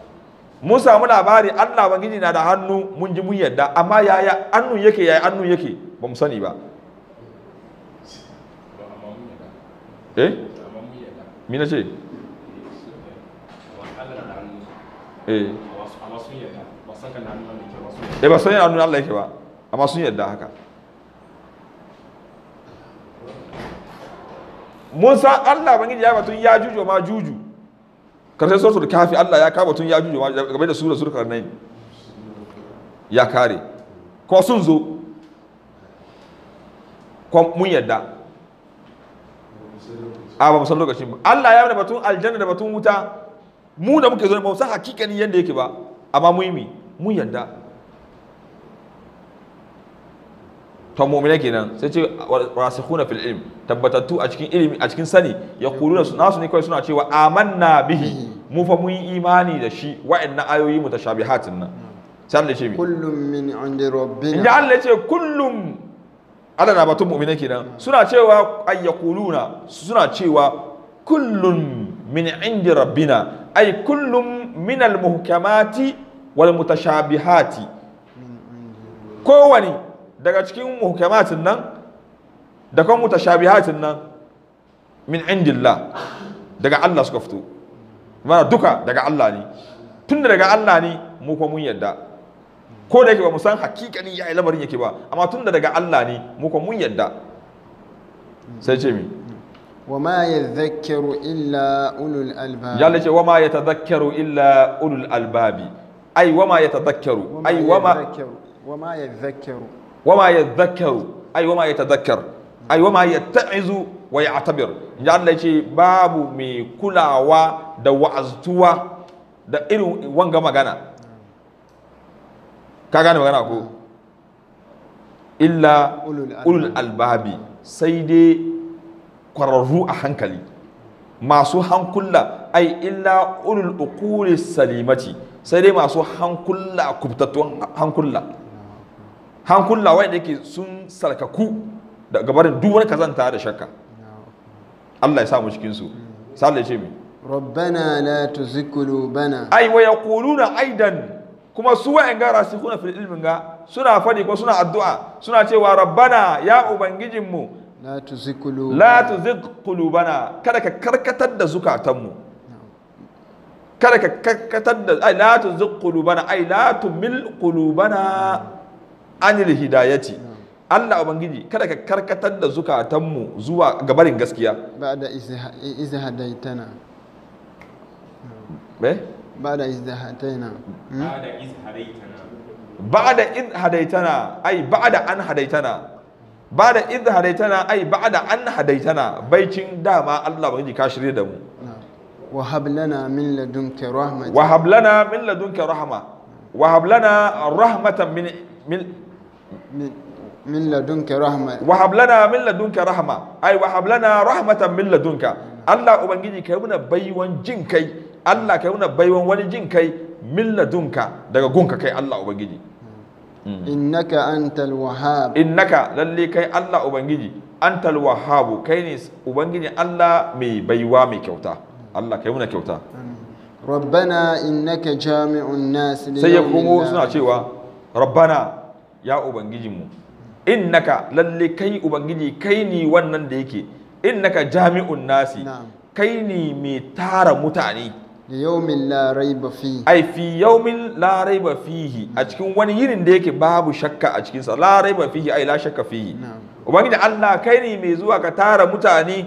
mun samu labari allah bangiji na da hannu mun ji mun yadda amma yaya hannu yake yaya hannu yake ba mu sani ba eh mi na ce eh, eh. ba san yadda eh, allah yake ba amma sun yadda haka mun san Allah bangiji ya batun ya juju ma juju karshen suratul kafi Allah ya kawo tun ya juju ma game da sura sura karnai ya kare ko sun zo ko mun yadda a ba musan lokacin ba Allah ya da batun aljanna da batun wuta mu da muke zo ba mu san hakikanin yadda yake ba amma mu yi mun yadda to mu'mina kenan sai ce rasikhuna fil ilm tabbatattu a cikin ilimi a cikin sani yaquluna nasu ne kai suna cewa amanna bihi mu fa mun yi imani da shi wa'annan ayoyi mutashabihatin nan sai Allah ya ce kullum min inda rabbina inda Allah ya ce kullum Ala na batun mu'mina kenan suna cewa ayyaquluna suna cewa kullum min inda rabbina ay kullum min al-muhkamati wal mutashabihati kowani daga cikin muhkamatin nan da kuma mutashabihatin nan min indillah daga Allah suka fito mana duka daga Allah ne tun daga Allah ne mu kuma mun yadda ko da yake ba mu san hakikanin ya lamarin yake ba amma tun daga Allah ne mu kuma mun yadda sai ce mi وما يذكر إلا ya الألباب يلا شيء وما يتذكر إلا أولو الألباب أي وما يتذكر ai وما Wama ya zakkaru wama ya yadhakkaru ay wama yatadhakkar ay wama yatta'izu wa ya atabir. In inda Allah ce babu mai kulawa da wa'azutuwa da irin wanga magana ka gane magana ko illa ulul albabi sai dai kwararru a hankali masu hankula ai illa ulul uquli salimaci sai dai masu hankula kubtattun hankula hankula wanda yake sun sarkaku da gabarin duk wani kazanta da shakka Allah ya sa mu cikin su sallai ya ce mi rabbana la tuzigh bana ai wa yaquluna aidan kuma su wa ga rasikuna fil ilmin ga suna fadi ko suna addu'a suna cewa rabbana ya ubangijin mu la tuzigh qulubana kada ka karkatar da zukatanmu kada ka karkatar da ai la tuzigh qulubana ai la tumil qulubana anil hidayati Allah Ubangiji kada ka karkatar da zukatanmu zuwa gabarin gaskiya ba da izi hadaitana ba ba'da izhadaitana hmm? ba'da izhadaitana ai ba da an hadaitana ba'da izhadaitana ai ba'da an hadaitana baicin dama Allah Ubangiji ka shirye da mu wa hablana min ladunka rahmatan wa hablana min ladunka rahma wa hablana rahmatan min min ladunka rahma wa hablana min ladunka rahma ai wa hablana rahmatan min ladunka Allah ubangiji kai muna baiwan jin kai Allah kai muna baiwan wani jin kai min ladunka daga gunka kai Allah ubangiji mm. innaka antal wahhab innaka lalle kai Allah ubangiji antal wahhabu kai ne ubangiji Allah mai baiwa mai kyauta Allah kai muna kyauta rabbana innaka jami'un nas sai ya komo suna cewa rabbana ya ubangijinmu naka lalle kai ubangiji kai ni wannan da yake In naka jami'un nasi kai ni mai tara mutane yaumin Larai ba fihi ai fi Larai ba raiba fihi a cikin wani yinin da yake babu shakka a cikinsa Larai ba fihi ai la shakka fihi ubangiji Allah kai ni mai zuwa ka tara mutane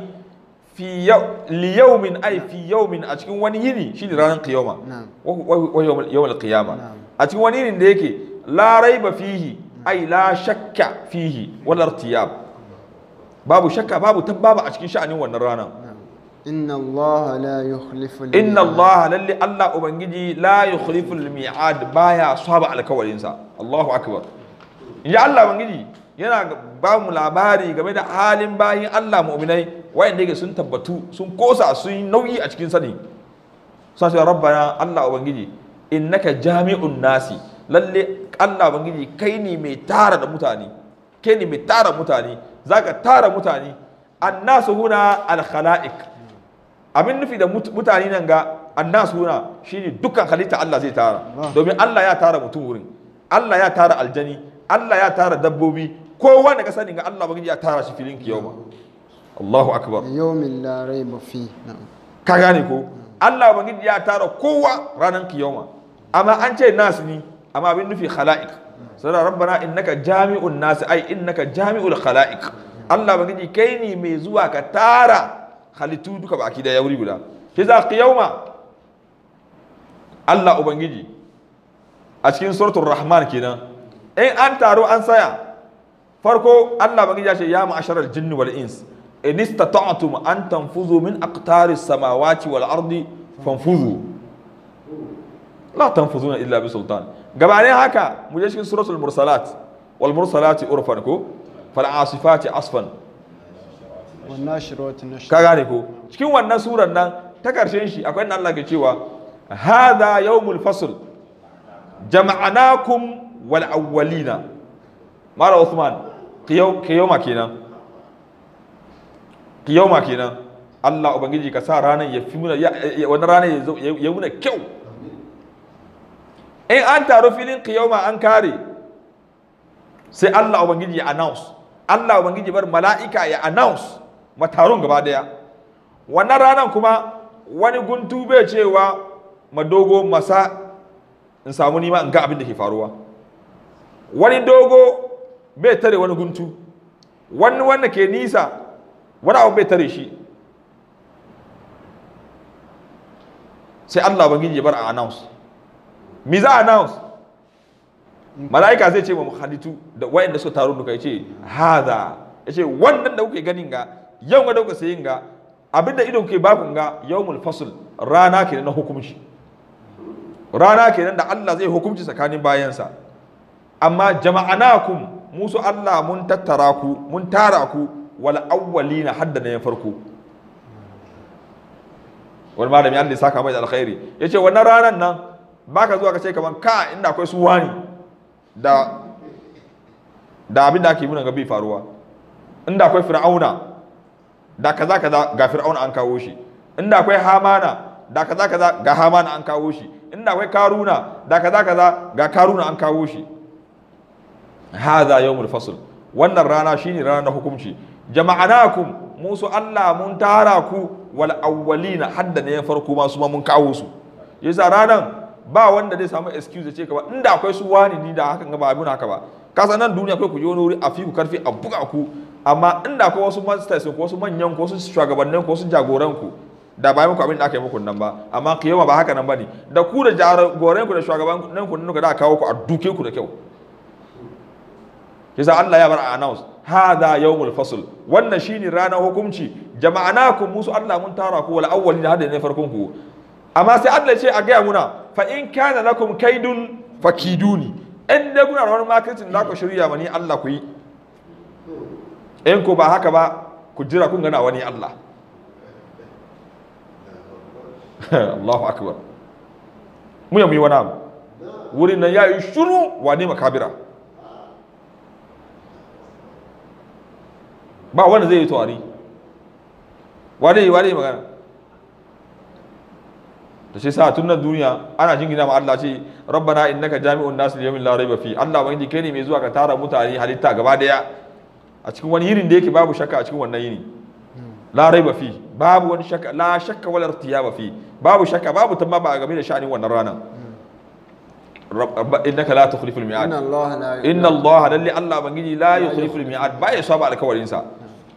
fi yawmin ai fi yawmin a cikin wani yini ne ranar kiyama. wa yawmal qiyama a cikin wani yinin da yake la raiba fihi ai la shakka fihi walar tiyab babu shakka babu tabbaba a cikin sha'anin wannan rana inna Allah la Allah lalle Allah ubangiji la yukhlifu al-mi'ad ya saba alkawarin sa Allahu akbar ya Allah ubangiji yana ba mu labari game da halin bayin Allah mu'minai wayanda yake sun tabbatu sun kosa sun nauyi a cikin sani sai rabbana Allah ubangiji innaka jami'un nasi lalle Allah bangiji kai ne mai tara da mutane kai ne mai tara mutane Za ka tara mutane annasu huna al-khala'iq abin nufi da mutane nan ga annasu huna shine dukkan halitta Allah zai tara domin Allah ya tara mutum wurin Allah ya tara aljani Allah ya tara dabbobi kowa da ka sani ga Allah bangiji ya tara shi filin kiyoma Allahu akbar yawmin la rayba fi ka gane ko Allah bangiji ya tara kowa ranar kiyoma amma an ce nas ni amma abin nufi khala'iq sana rabbana naka jami'un nas ai innaka jami'ul khala'iq Allah bangiji kai ne mai zuwa ka tara halittu duka baki da yauri guda shi za qiyama Allah ubangiji a cikin suratul rahman kenan in an taro an saya farko Allah bangiji ya ce ya ma'asharal jinni wal ins in istata'tum an tanfuzu min aqtaris samawati wal ardi fanfuzu la tanfuzuna illa bi sultan gabanin haka mu je cikin suratul mursalat wal mursalati urfan ko fal asifati asfan ka gane ko cikin wannan suran nan ta karshen shi akwai nan Allah ke cewa hadha yawmul fasl jama'anakum wal awwalina mara Uthman kiyoma kenan kiyoma kenan Allah ubangiji ka sa ranar ya fi muna wannan ranan ya muna kyau in an taru filin kiyoma an kare sai Allah ubangiji ya announce Allah ubangiji bar mala'ika ya announce taron gaba daya wannan ranan kuma wani guntu bai cewa madogo masa in samu nima in ga abin da ke faruwa wani dogo bai tare wani guntu wani wanda ke nisa wani abu bai tare shi sai Allah ubangiji ya bar a announce mi za a announce mala'ika zai ce wa muhallitu da wayanda suka taru duka ya ce haza ya ce wannan da kuke ganin ga yau ga da sayin ga abinda ido kuke bakun ga yau mulfasul rana kenan na rana kenan da Allah zai hukunci tsakanin bayansa amma jama'anakum musu Allah mun tattara ku mun tara ku wal na hadda na farko wani malami Allah ya saka mai alkhairi ya ce wannan ranan nan baka zuwa ka ce kaman ka inda akwai su wani da da abin da ake muna gabi faruwa inda akwai fir'auna da kaza kaza ga fir'auna an kawo shi inda akwai hamana da kaza kaza ga hamana an kawo shi inda akwai karuna da kaza kaza ga karuna an kawo shi hadha yawmul fasl wannan rana shine rana na hukunci jama'anakum musu Allah mun tara ku wal awwalina hadda ne farko ma su ma mun kawo su yasa ranan ba wanda zai samu excuse ce ka ba inda akwai su wani ni da hakan ba abin haka ba kasa nan duniya kai ku je wani wuri a fi ku karfi a buga ku amma inda akwai wasu masters ko wasu manyan ko wasu shugabannin ko wasu jagoran ku da ba muku abin da aka yi muku nan ba amma kiyama ba haka nan bane da ku da jagoran ku da shugaban nan ku nan da kawo ku a duke ku da kyau kisa Allah ya bar a announce hadha yawmul fasl wannan shine ranar hukunci jama'anakum musu Allah mun tara ku wal awwalin hada ne farkon ku amma sai Allah ce a gaya muna fa in kana kuma kaidun fakiduni in dai kuna da wani makircin da ku shirya wani Allah ku yi in ku ba haka ba ku jira kun gana wani Allah Allahu akbar mu ya yi wani abu wurin nan ya yi shuru wa ne makabira ba wani zai yi tawari wa ne magana da shi sa tun nan duniya ana jingina ma Allah ce rabbana innaka jami'un nas li yawmin la rayba fi Allah wani kai ne mai zuwa ka tara mutane halitta gaba daya a cikin wani yirin da yake babu shakka a cikin wannan yini la rayba fi babu wani shakka la shakka wala irtiyaba fi babu shakka babu tamma ba a game da sha'anin wannan ranar innaka la tukhliful mi'ad inna Allah lalle Allah bangiji la yukhliful mi'ad ba ya saba alkawarin sa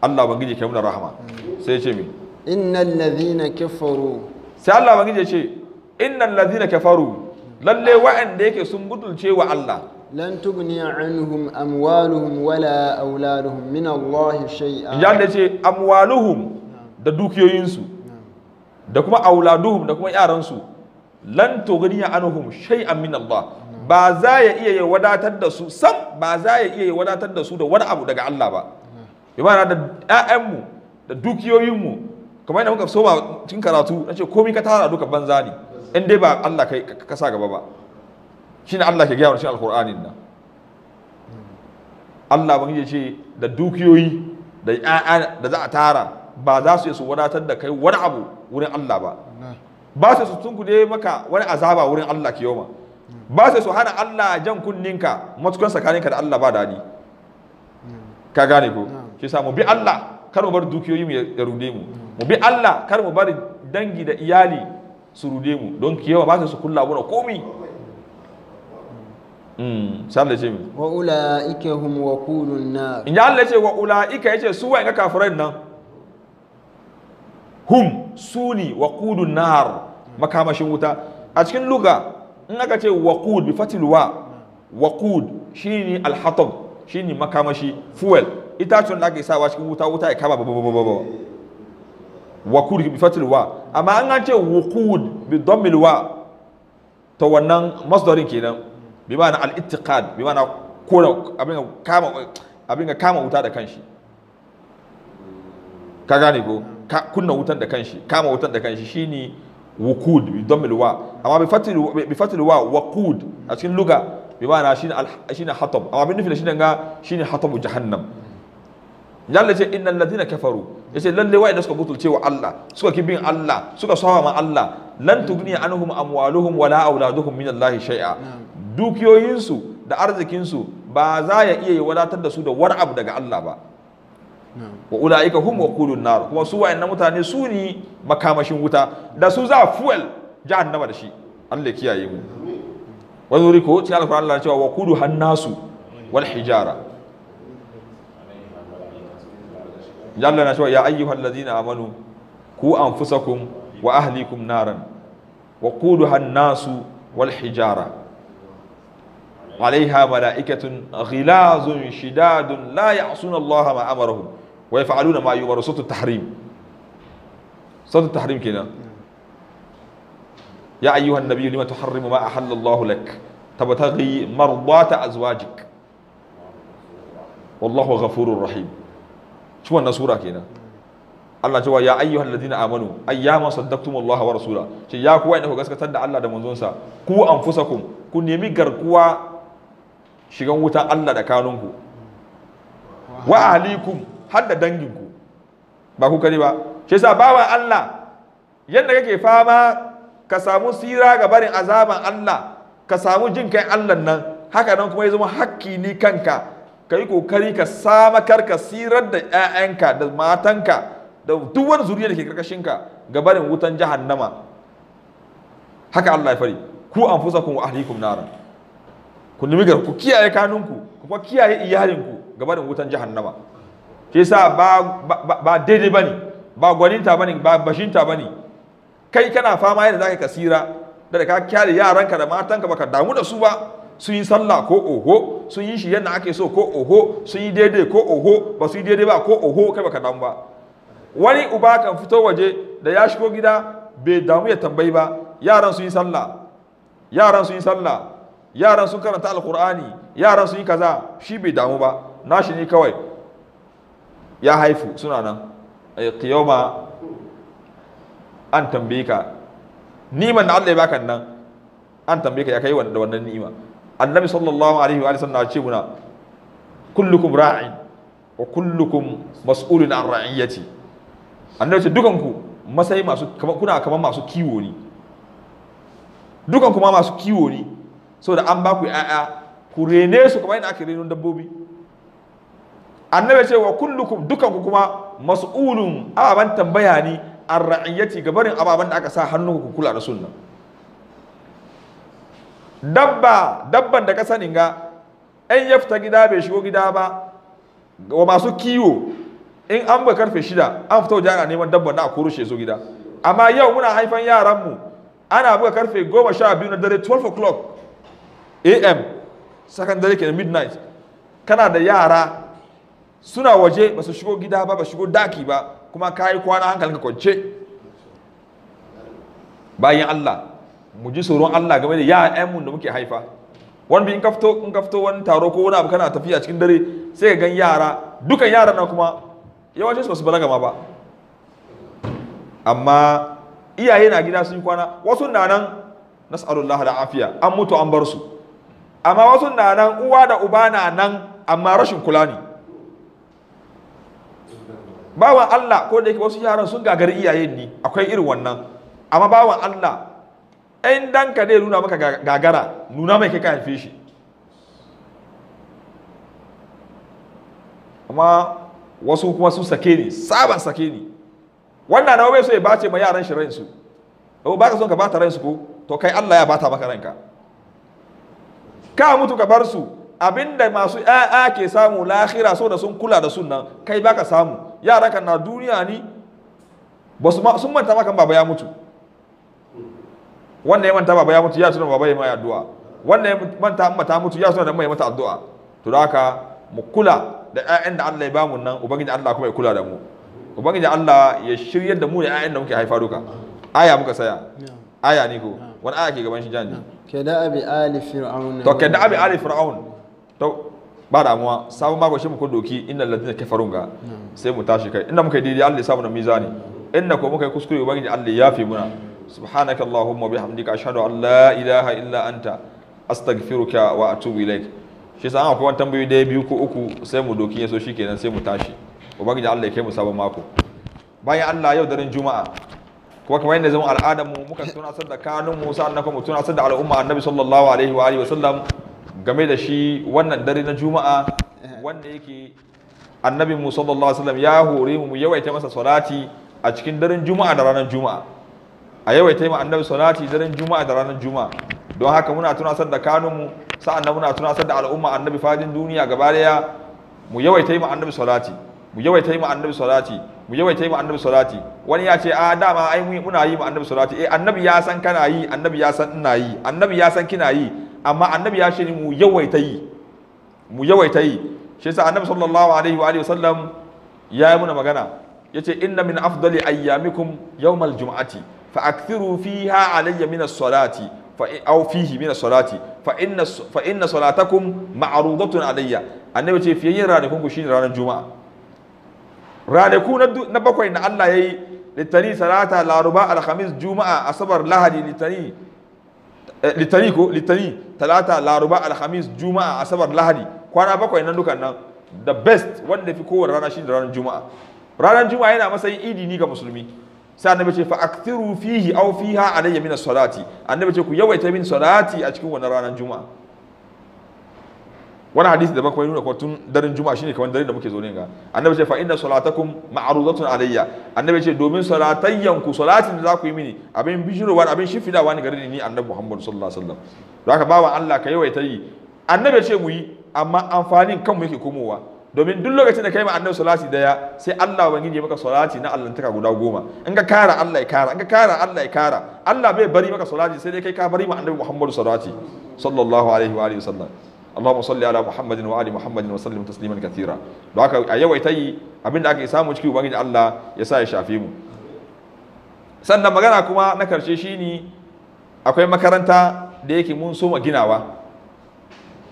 Allah bangiji kai mun rahama sai ya ce mi innal ladhina kafaru sai Allah wani ya ce innal ke faru lalle wa'anda yake sun butulce wa Allah lan tugniya anhum amwaluhum wala auladuhum min Allah shay'a ya da ce amwaluhum da dukiyoyinsu da kuma auladuhum da kuma yaransu lan tugniya anhum shay'an min Allah ba za ya iya ya wadatar da su sam ba za ya iya ya wadatar da su da wani abu daga Allah ba bi mana da ƴaƴanmu da dukiyoyinmu kamar yadda muka soma cikin karatu na ce komai ka tara duka banza ne in dai ba Allah kai ka sa gaba ba shine Allah ke gaya wa shi Alkur'anin nan Allah ban ce da dukiyoyi da za a tara ba za su su wadatar da kai wani abu wurin Allah ba ba su su tunkude maka wani azaba wurin Allah yoma ba su su hana Allah jan kunninka matukan tsakaninka da Allah ba dadi ka gane ko shi samu bi Allah kar mu bar dukiyoyi mu ya rude mu mu bi Allah kar mu bari dangi da iyali su rude mu don kiyawa ba su kulla muna komi hmm, sam da ce mi wa ula'ika hum wa na in ya Allah ce wa ula'ika yace su wa'in kafirai nan hum suni wa kulun nar makamashin wuta a cikin luga in aka ce wa kud bi fatil wa kud shine al-hatab shine makamashi fuel itacin da ake sawa cikin wuta wuta ya kama babababawa wakud bi fatilwa wa amma an an ce wukud bi dominwa wa to wannan masdarin kenan bi ma'ana na al'itikad bi ma'ana kora abin ga kama wuta da kanshi ka gane ko kunna wutan da kanshi kama wutan da kanshi shine wukud bi dominwa wa amma bi fatilwa wakud wa a cikin luga bi ma'ana shi shine hatab amma bin nufi shine ga shine hatabu jahannam yalla ce innal ladina kafaru ce lalle da suka butulce wa Allah suka kibin Allah suka sawa ma Allah lan tugni anhum amwaluhum wala auladuhum min Allah shai'a. dukiyoyinsu da arzikinsu ba za ya iya wadatar da su da war abu daga Allah ba wa ulaika hum waqudun nar kuma su wa'annan mutane su ne makamashin wuta da su za fuel nama da shi Allah kiyaye mu wani wuri ko cikin Allah cewa waqudu hannasu wal hijara جل نشوى يا أيها الذين آمنوا كو أنفسكم وأهليكم نارا وقودها الناس والحجارة عليها ملائكة غلاظ شداد لا يعصون الله ما أمرهم ويفعلون ما يؤمر صوت التحريم صوت التحريم كنا يا أيها النبي لما تحرم ما أحل الله لك تبتغي مرضات أزواجك والله غفور رحيم shi wannan sura kenan Allah cewa ya ayyuhal ladina amanu ayyama Allah wa rasula shi ya kuwa inda ku gaskatar da Allah da sa ku anfusakum ku nemi garkuwa shigan wuta Allah da kanunku wa alaikum har da danginku ba ku kare ba shi yasa bawa Allah yadda kake fama ka samu sira ga barin azaban Allah ka samu jin kai Allah nan haka nan kuma ya zama hakki ni kanka ka yi kokari ka samakar ka sirar da 'ya'yanka da matanka da duk wani zuriya da ke ƙarƙashinka ga barin wutan jahannama haka Allah ya fari ku anfusakum wa ahlikum nara ku nemi ku kiyaye kanunku ku kuma kiyaye iyalinku ga barin wutan jahannama Ke sa ba ba daidai bane ba gwaninta bane ba bashinta bane kai kana fama yadda zaka kasira da ka kyale yaranka da matanka baka damu da su ba sun yi sallah ko oho sun yi shi yadda ake so ko oho sun yi daidai ko oho ba su yi daidai ba ko oho kai baka damu ba wani uba kan fito waje da ya shigo gida bai damu ya tambayi ba yaran sun yi sallah yaran sun yi sallah yaran sun karanta alkur'ani yaran sun yi kaza shi bai damu ba nashi ne kawai ya haifu suna nan kiyoma an tambaye ka niman da Allah ya baka nan an tambaye ka ya kai da wannan ni'ima annabi sallallahu alaihi wa sallam na ce muna kullukum ra'in wa kullukum mas'ulun an ra'iyati annabi ce dukanku masai masu kuna kaman masu kiwo ne dukanku ma masu kiwo ne saboda an ba ku ƴaƴa ku rene su kamar yadda ake renon dabbobi annabi ce wa kullukum dukanku kuma mas'ulun ababan tambaya ne an ra'iyati gabarin ababan da aka sa hannu ku kula da sunna dabba dabban da ka sanin ga in ya fita gida bai shigo gida ba wa masu kiwo in an ba karfe shida an fita waje ana neman dabba na a kurushe su gida amma yau muna haifan yaranmu ana buga karfe goma sha na dare 12 am sakan dare ke midnight kana da yara suna waje ba su shigo gida ba ba shigo daki ba kuma kayi kwana hankalinka kwance bayan allah mu ji tsoron Allah game da yayan mu da muke haifa wani in kafto in kafto wani taro ko wani abu kana tafiya cikin dare sai ka gan yara dukan yara na kuma yawancin su ba su balaga ba amma iyaye na gida sun kwana wasu na nan nas'alullah da afiya an mutu an bar su amma wasu na nan uwa da uba na nan amma rashin kula ne bawan Allah ko da yake wasu yaran sun gagari iyayen ni akwai irin wannan amma bawan Allah ɗan danka ne nuna maka gagara nuna mai kai ka haife shi amma wasu kuma su sake ne saban sake ne wannan nawa bai so ya bace ma yaran shi ransu abu ba ka son ka bata ransu ko to kai Allah ya bata maka ranka ka mutu ka bar su abinda masu ƴaƴa ke samu lahira so da sun kula da sunan kai baka samu yaran ka na duniya ni ba su sun manta maka baba ya mutu Wannan ya manta baba ya mutu ya suna baba ya mai addu'a Wannan ya manta amma ta mutu ya suna da mai mata addu'a to da haka mu kula da ƴaƴan da Allah ya bamu nan ubangiji Allah kuma ya kula da mu ubangiji Allah ya shiryar da mu da ƴaƴan da muke haifa duka aya muka saya aya ne ko wani aya ke gaban shi jani kada abi ali fir'aun to kada abi ali fir'aun to ba damuwa sabon mako shi mu kun doki innal ladina kafarun ga sai mu tashi kai inda muka yi daidai Allah ya samu na mizani inda ko muka yi kuskure ubangiji Allah ya yafe muna سبحانك اللهم وبحمدك أشهد أن لا إله إلا أنت أستغفرك وأتوب إليك shi sa an akwai wani tambayoyi da biyu ko uku sai mu doki sai mu tashi ubangiji Allah ya kai mu sabon mako bayan Allah yau daren juma'a kuma kamar yadda zama al'adar mu muka tunasar da kanun mu da al'umma annabi sallallahu alaihi wa alihi wa sallam game da shi wannan dare na juma'a wanda yake annabi mu sallallahu alaihi wa sallam ya hore mu mu yawaita masa salati a cikin daren juma'a da ranar juma'a a yawaita ma annabi salati daren juma'a da ranar juma'a don haka muna tunasar da kanunmu sa'annan muna tunasar da al'umma annabi fadin duniya gaba daya mu yawaita ma annabi salati mu yawaita yi ma annabi salati mu yawaita yi ma annabi salati wani ya ce a ah, dama ai muna yi ma annabi salati eh annabi ya san kana yi annabi ya san ina yi annabi ya san kina yi amma annabi ya ce mu yawaita yi mu yawaita yi shi yasa annabi sallallahu alaihi wa alihi wasallam ya yi muna magana yace inna min afdali ayyamikum yawmal jum'ati fa akthiru fiha alayya min as-salati fa aw fihi min as-salati fa inna fa inna salatakum ma'rudatun alayya annabi ce fiye yin ranakun ku da ranar juma'a ranaku na bakwai na Allah yayi litani salata laruba alhamis juma'a asabar lahadi litani eh, litani ko litani talata laruba alhamis juma'a asabar lahadi kwana bakwai nan dukan nan the best wanda fi kowane rana shine ranar juma'a ranar juma'a yana matsayin idi ni ga musulmi sai annabi ce fa akthiru fihi aw fiha alayya min as-salati annabi ce ku yawaita min salati a cikin wannan ranar juma'a wani hadisi da bakwai nuna kuma tun daren juma'a shine kamar daren da muke zo ne ga annabi ce fa inna salatakum ma'rudatun alayya annabi ce domin salatayyan ku salatin da za ku yi mini abin bijirwa abin shifidawa ne gare ni annabi Muhammad sallallahu alaihi wasallam don haka bawa Allah ka yawaita yi annabi ce mu yi amma amfanin kanmu yake komowa domin duk lokacin da kai ma annabi salati daya sai Allah ubangiji ya maka salati na allantaka guda goma in ka kara Allah ya kara in ka kara Allah ya kara Allah bai bari maka salati sai dai kai ka bari ma annabi Muhammadu salati sallallahu alaihi wa alihi wasallam اللهم صل على محمد وعلى محمد وسلم تسليما كثيرا دعك ايويتا yi abinda aka samu cikin ubangiji Allah ya sa ya shafe mu sannan magana kuma na karshe shine akwai makaranta da yake mun so ginawa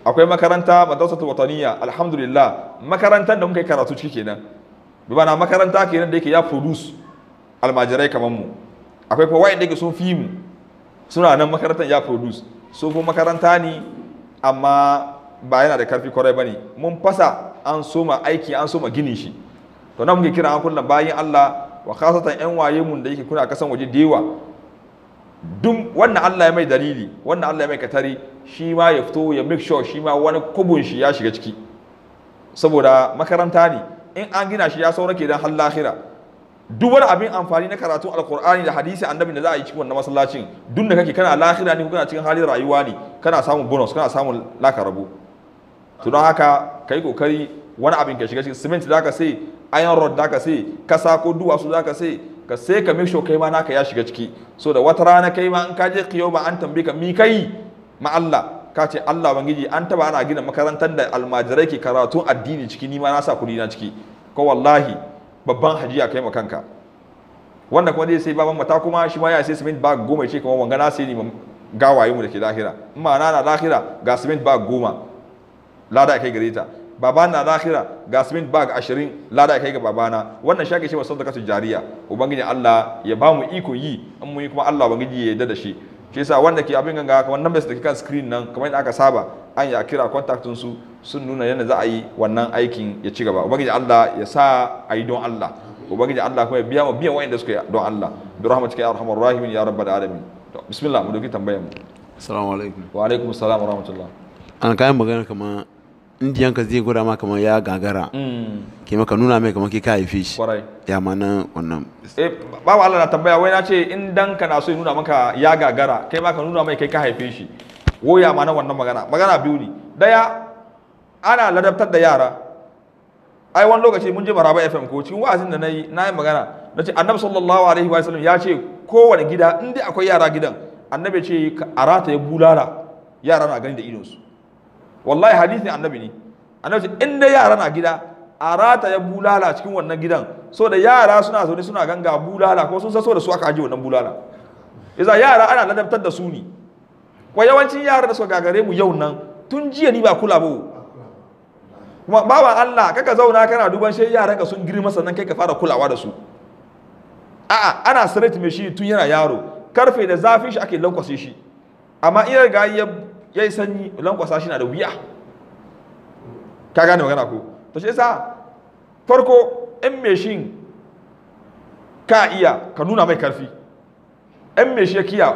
akwai makaranta madrasatul wataniya alhamdulillah makarantar da muka yi karatu ciki kenan bi makaranta kenan da yake ya produce almajirai kamar mu akwai kuma wayanda yake sun fi mu suna nan makarantar ya produce so ko makaranta ne amma ba yana da karfi kwarai bane mun fasa an soma aiki an soma ginin shi to nan muke kira an kullum bayan Allah wa khasatan yan waye mun da yake kuna kasan waje dewa. duk wannan Allah ya mai dalili wannan Allah ya mai katari shi ma ya fito ya make sure shi ma wani kubun shi ya shiga ciki saboda makaranta ne in an gina shi ya saura ke don har lahira duk abin amfani na karatun alkur'ani da hadisi annabi da za a yi cikin wannan masallacin duk da kake kana lahira ne ko kana cikin halin rayuwa ne kana samun bonus kana samun lakarabu rabu to don haka kai kokari wani abin ka shiga cikin cement za ka sai iron rod za ka sai kasa ko duwatsu za ka sai ka sai ka make sure kai ma naka ya shiga ciki so da wata rana kai ma in ka je qiyama an tambaye ka mi kai ma Allah ka ce Allah bangiji an taba ana gina makarantar da almajirai ke karatu addini ciki ni ma na sa kudi na ciki ko wallahi babban hajiya kai ma kanka wanda kuma zai sai baban mata kuma shi ma ya sai cement bag goma ce kuma wanga na sai ni gawaye mu da ke lahira in ma na na lahira ga cement bag goma lada kai gareta. ta babana lahira ga smith bag 20 lada kai ga babana wannan shaka shi masu zakatun jariya ubangiji Allah ya ba mu iko yi an mu yi kuma Allah ubangiji ya yarda da shi shi yasa wanda ke abin ganga kamar numbers da ke kan screen nan kamar yadda aka saba an ya kira contact su sun nuna yadda za a yi wannan aikin ya ci gaba ubangiji Allah ya sa a yi don Allah ubangiji Allah kuma ya biya mu biyan wa'anda suka yi don Allah bi rahmatika ya arhamar rahimin ya rabbal alamin to bismillah mu dauki tambayar mu assalamu alaikum wa alaikum assalam wa rahmatullah an kayan magana kamar indiyanka zai gwada ma kamar ya gagara mm. ke maka nuna mai kamar kika ka haife shi ya ma nan wannan eh, ba babu Allah na tambaya wai na ce in ka na so ya nuna maka ya gagara kai ma ka nuna mai kai ka haife shi wo ya ma nan wannan magana magana biyu ne daya ana ladabtar da yara ai wani lokaci mun je maraba fm ko cikin wa'azin da nayi nayi magana nace annabi sallallahu alaihi wa sallam ya ce kowane gida in dai akwai yara gidan annabi ce a rataye bulala yara na gani da idonsu wallahi hadisi annabi ne annabi ce inda yara na gida a rata ya bulala cikin wannan gidan so da yara suna zaune suna ganga bulala ko sun so da su aka aje wannan bulala iza yara ana ladabtar da su ne kwa yawancin yara da suka gagare mu yau nan tun jiya ni ba kula ba kuma bawa Allah kaka zauna kana duban shi yaran ka sun girma sannan kai ka fara kulawa da su a'a ana sarrafa mai shi tun yana yaro karfe da zafin shi ake lankwase shi amma iya ga ya yayi sanyi lankwasa shi na da wuya ka gane magana ko to shi yasa farko in meshin ka iya ka nuna mai karfi in meshi ya kiya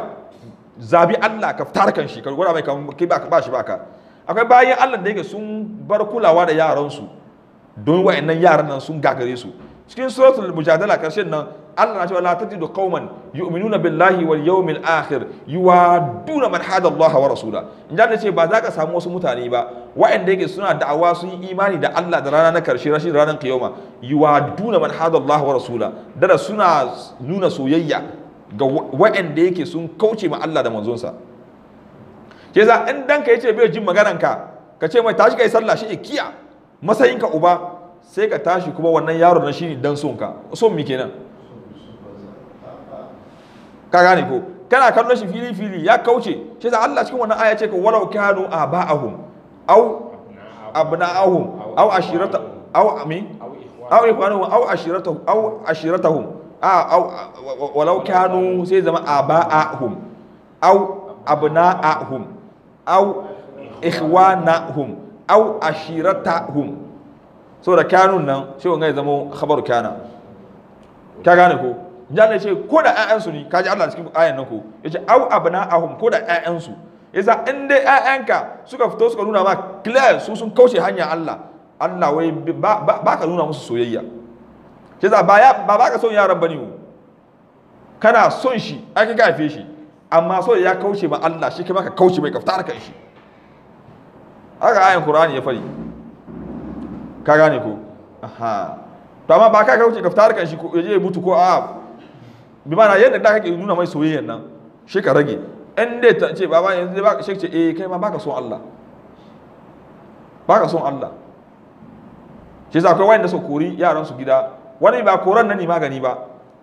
zabi Allah ka fitar kan shi ka mai kai ba shi baka akwai bayan Allah da yake sun bar kulawa da yaran su don wayannan yaran nan sun gagare su cikin suratul mujadala karshen nan Allah na cewa la tajidu qauman yu'minuna billahi wal yawmil akhir yuwaduna man hada Allah wa rasula in da ce ba za ka samu wasu mutane ba waɗanda yake suna da'awa sun yi imani da Allah da rana na karshe rashin ranar qiyama yuwaduna man hada Allah wa rasula dada suna nuna soyayya ga waɗanda yake sun kauce ma Allah da manzonsa ke za in ya yace bai jin maganarka ka ce mai tashi kai sallah shi kiya masayinka uba sai ka tashi kuma wannan yaron na shine dan sonka son mi kenan ka gane ko kana kallon shi fili fili ya kauce shi sa Allah cikin wannan aya ce ka walau kanu aba'ahum aw abna'ahum aw ashirata aw amin aw ikhwanuhum aw ashiratahum aw ashiratahum a aw walau kanu sai zama aba'ahum aw abna'ahum aw ikhwanahum aw ashiratahum saboda kanun nan shi wannan ya zama khabaru kana ka gane ko jana ce ko da ƴaƴansu ne kaji Allah cikin ayan nan ko yace au abna'ahum ko da ƴaƴansu yasa in dai ƴaƴanka suka fito suka nuna ma clear su sun kauce hanya Allah Allah wai ba ka nuna musu soyayya yasa ba ya ba baka son yaran bane kana son shi ake gafe shi amma so ya kauce ma Allah shi kuma ka kauce mai ka fita harkar shi haka ayan Qur'ani ya fari ka gane ko aha to amma ba ka kauce ka fita harkar shi ko ya je mutu ko a bi mana yadda da kake nuna mai soyayya nan shi ka rage in dai ta ce baba yanzu ne baka shi ce eh kai ma baka son Allah baka son Allah shi yasa akwai wanda su kori yaran su gida wani ba koran nan ne magani ba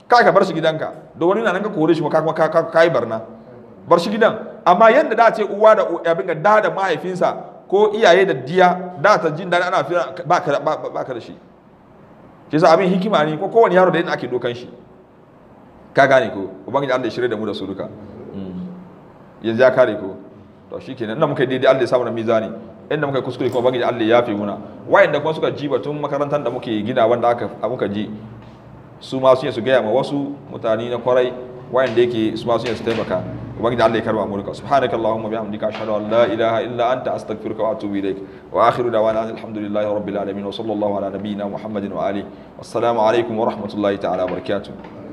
ka ka bar shi gidanka da wani na nan ka kore shi ka kuma ka barna bar shi gidan amma yadda da ce uwa da abin da da mahaifinsa ko iyaye da diya da ta jin da ana fira ba ka da shi shi sa abin hikima ne ko kowane yaro da yin ake dokan shi ka gane ko ubangiji Allah ya shirye da mu da su duka mm. yanzu ya kare ko to shikenan inda muka yi daidai Allah ya samu na mizani inda muka yi kuskure kuma ubangiji Allah ya yafe muna wayanda kuma suka ji batun makarantar da muke gina wanda aka muka ji su ma sun su gaya ma wasu mutane na kwarai wayanda yake su ma sun su taimaka ubangiji Allah ya karba mu duka subhanakallahumma bihamdika ashhadu an la ilaha illa anta astaghfiruka wa atubu ilaik wa akhiru da'wana alhamdulillahi rabbil alamin wa sallallahu ala nabiyyina muhammadin wa alihi wassalamu alaikum wa rahmatullahi ta'ala wa barakatuh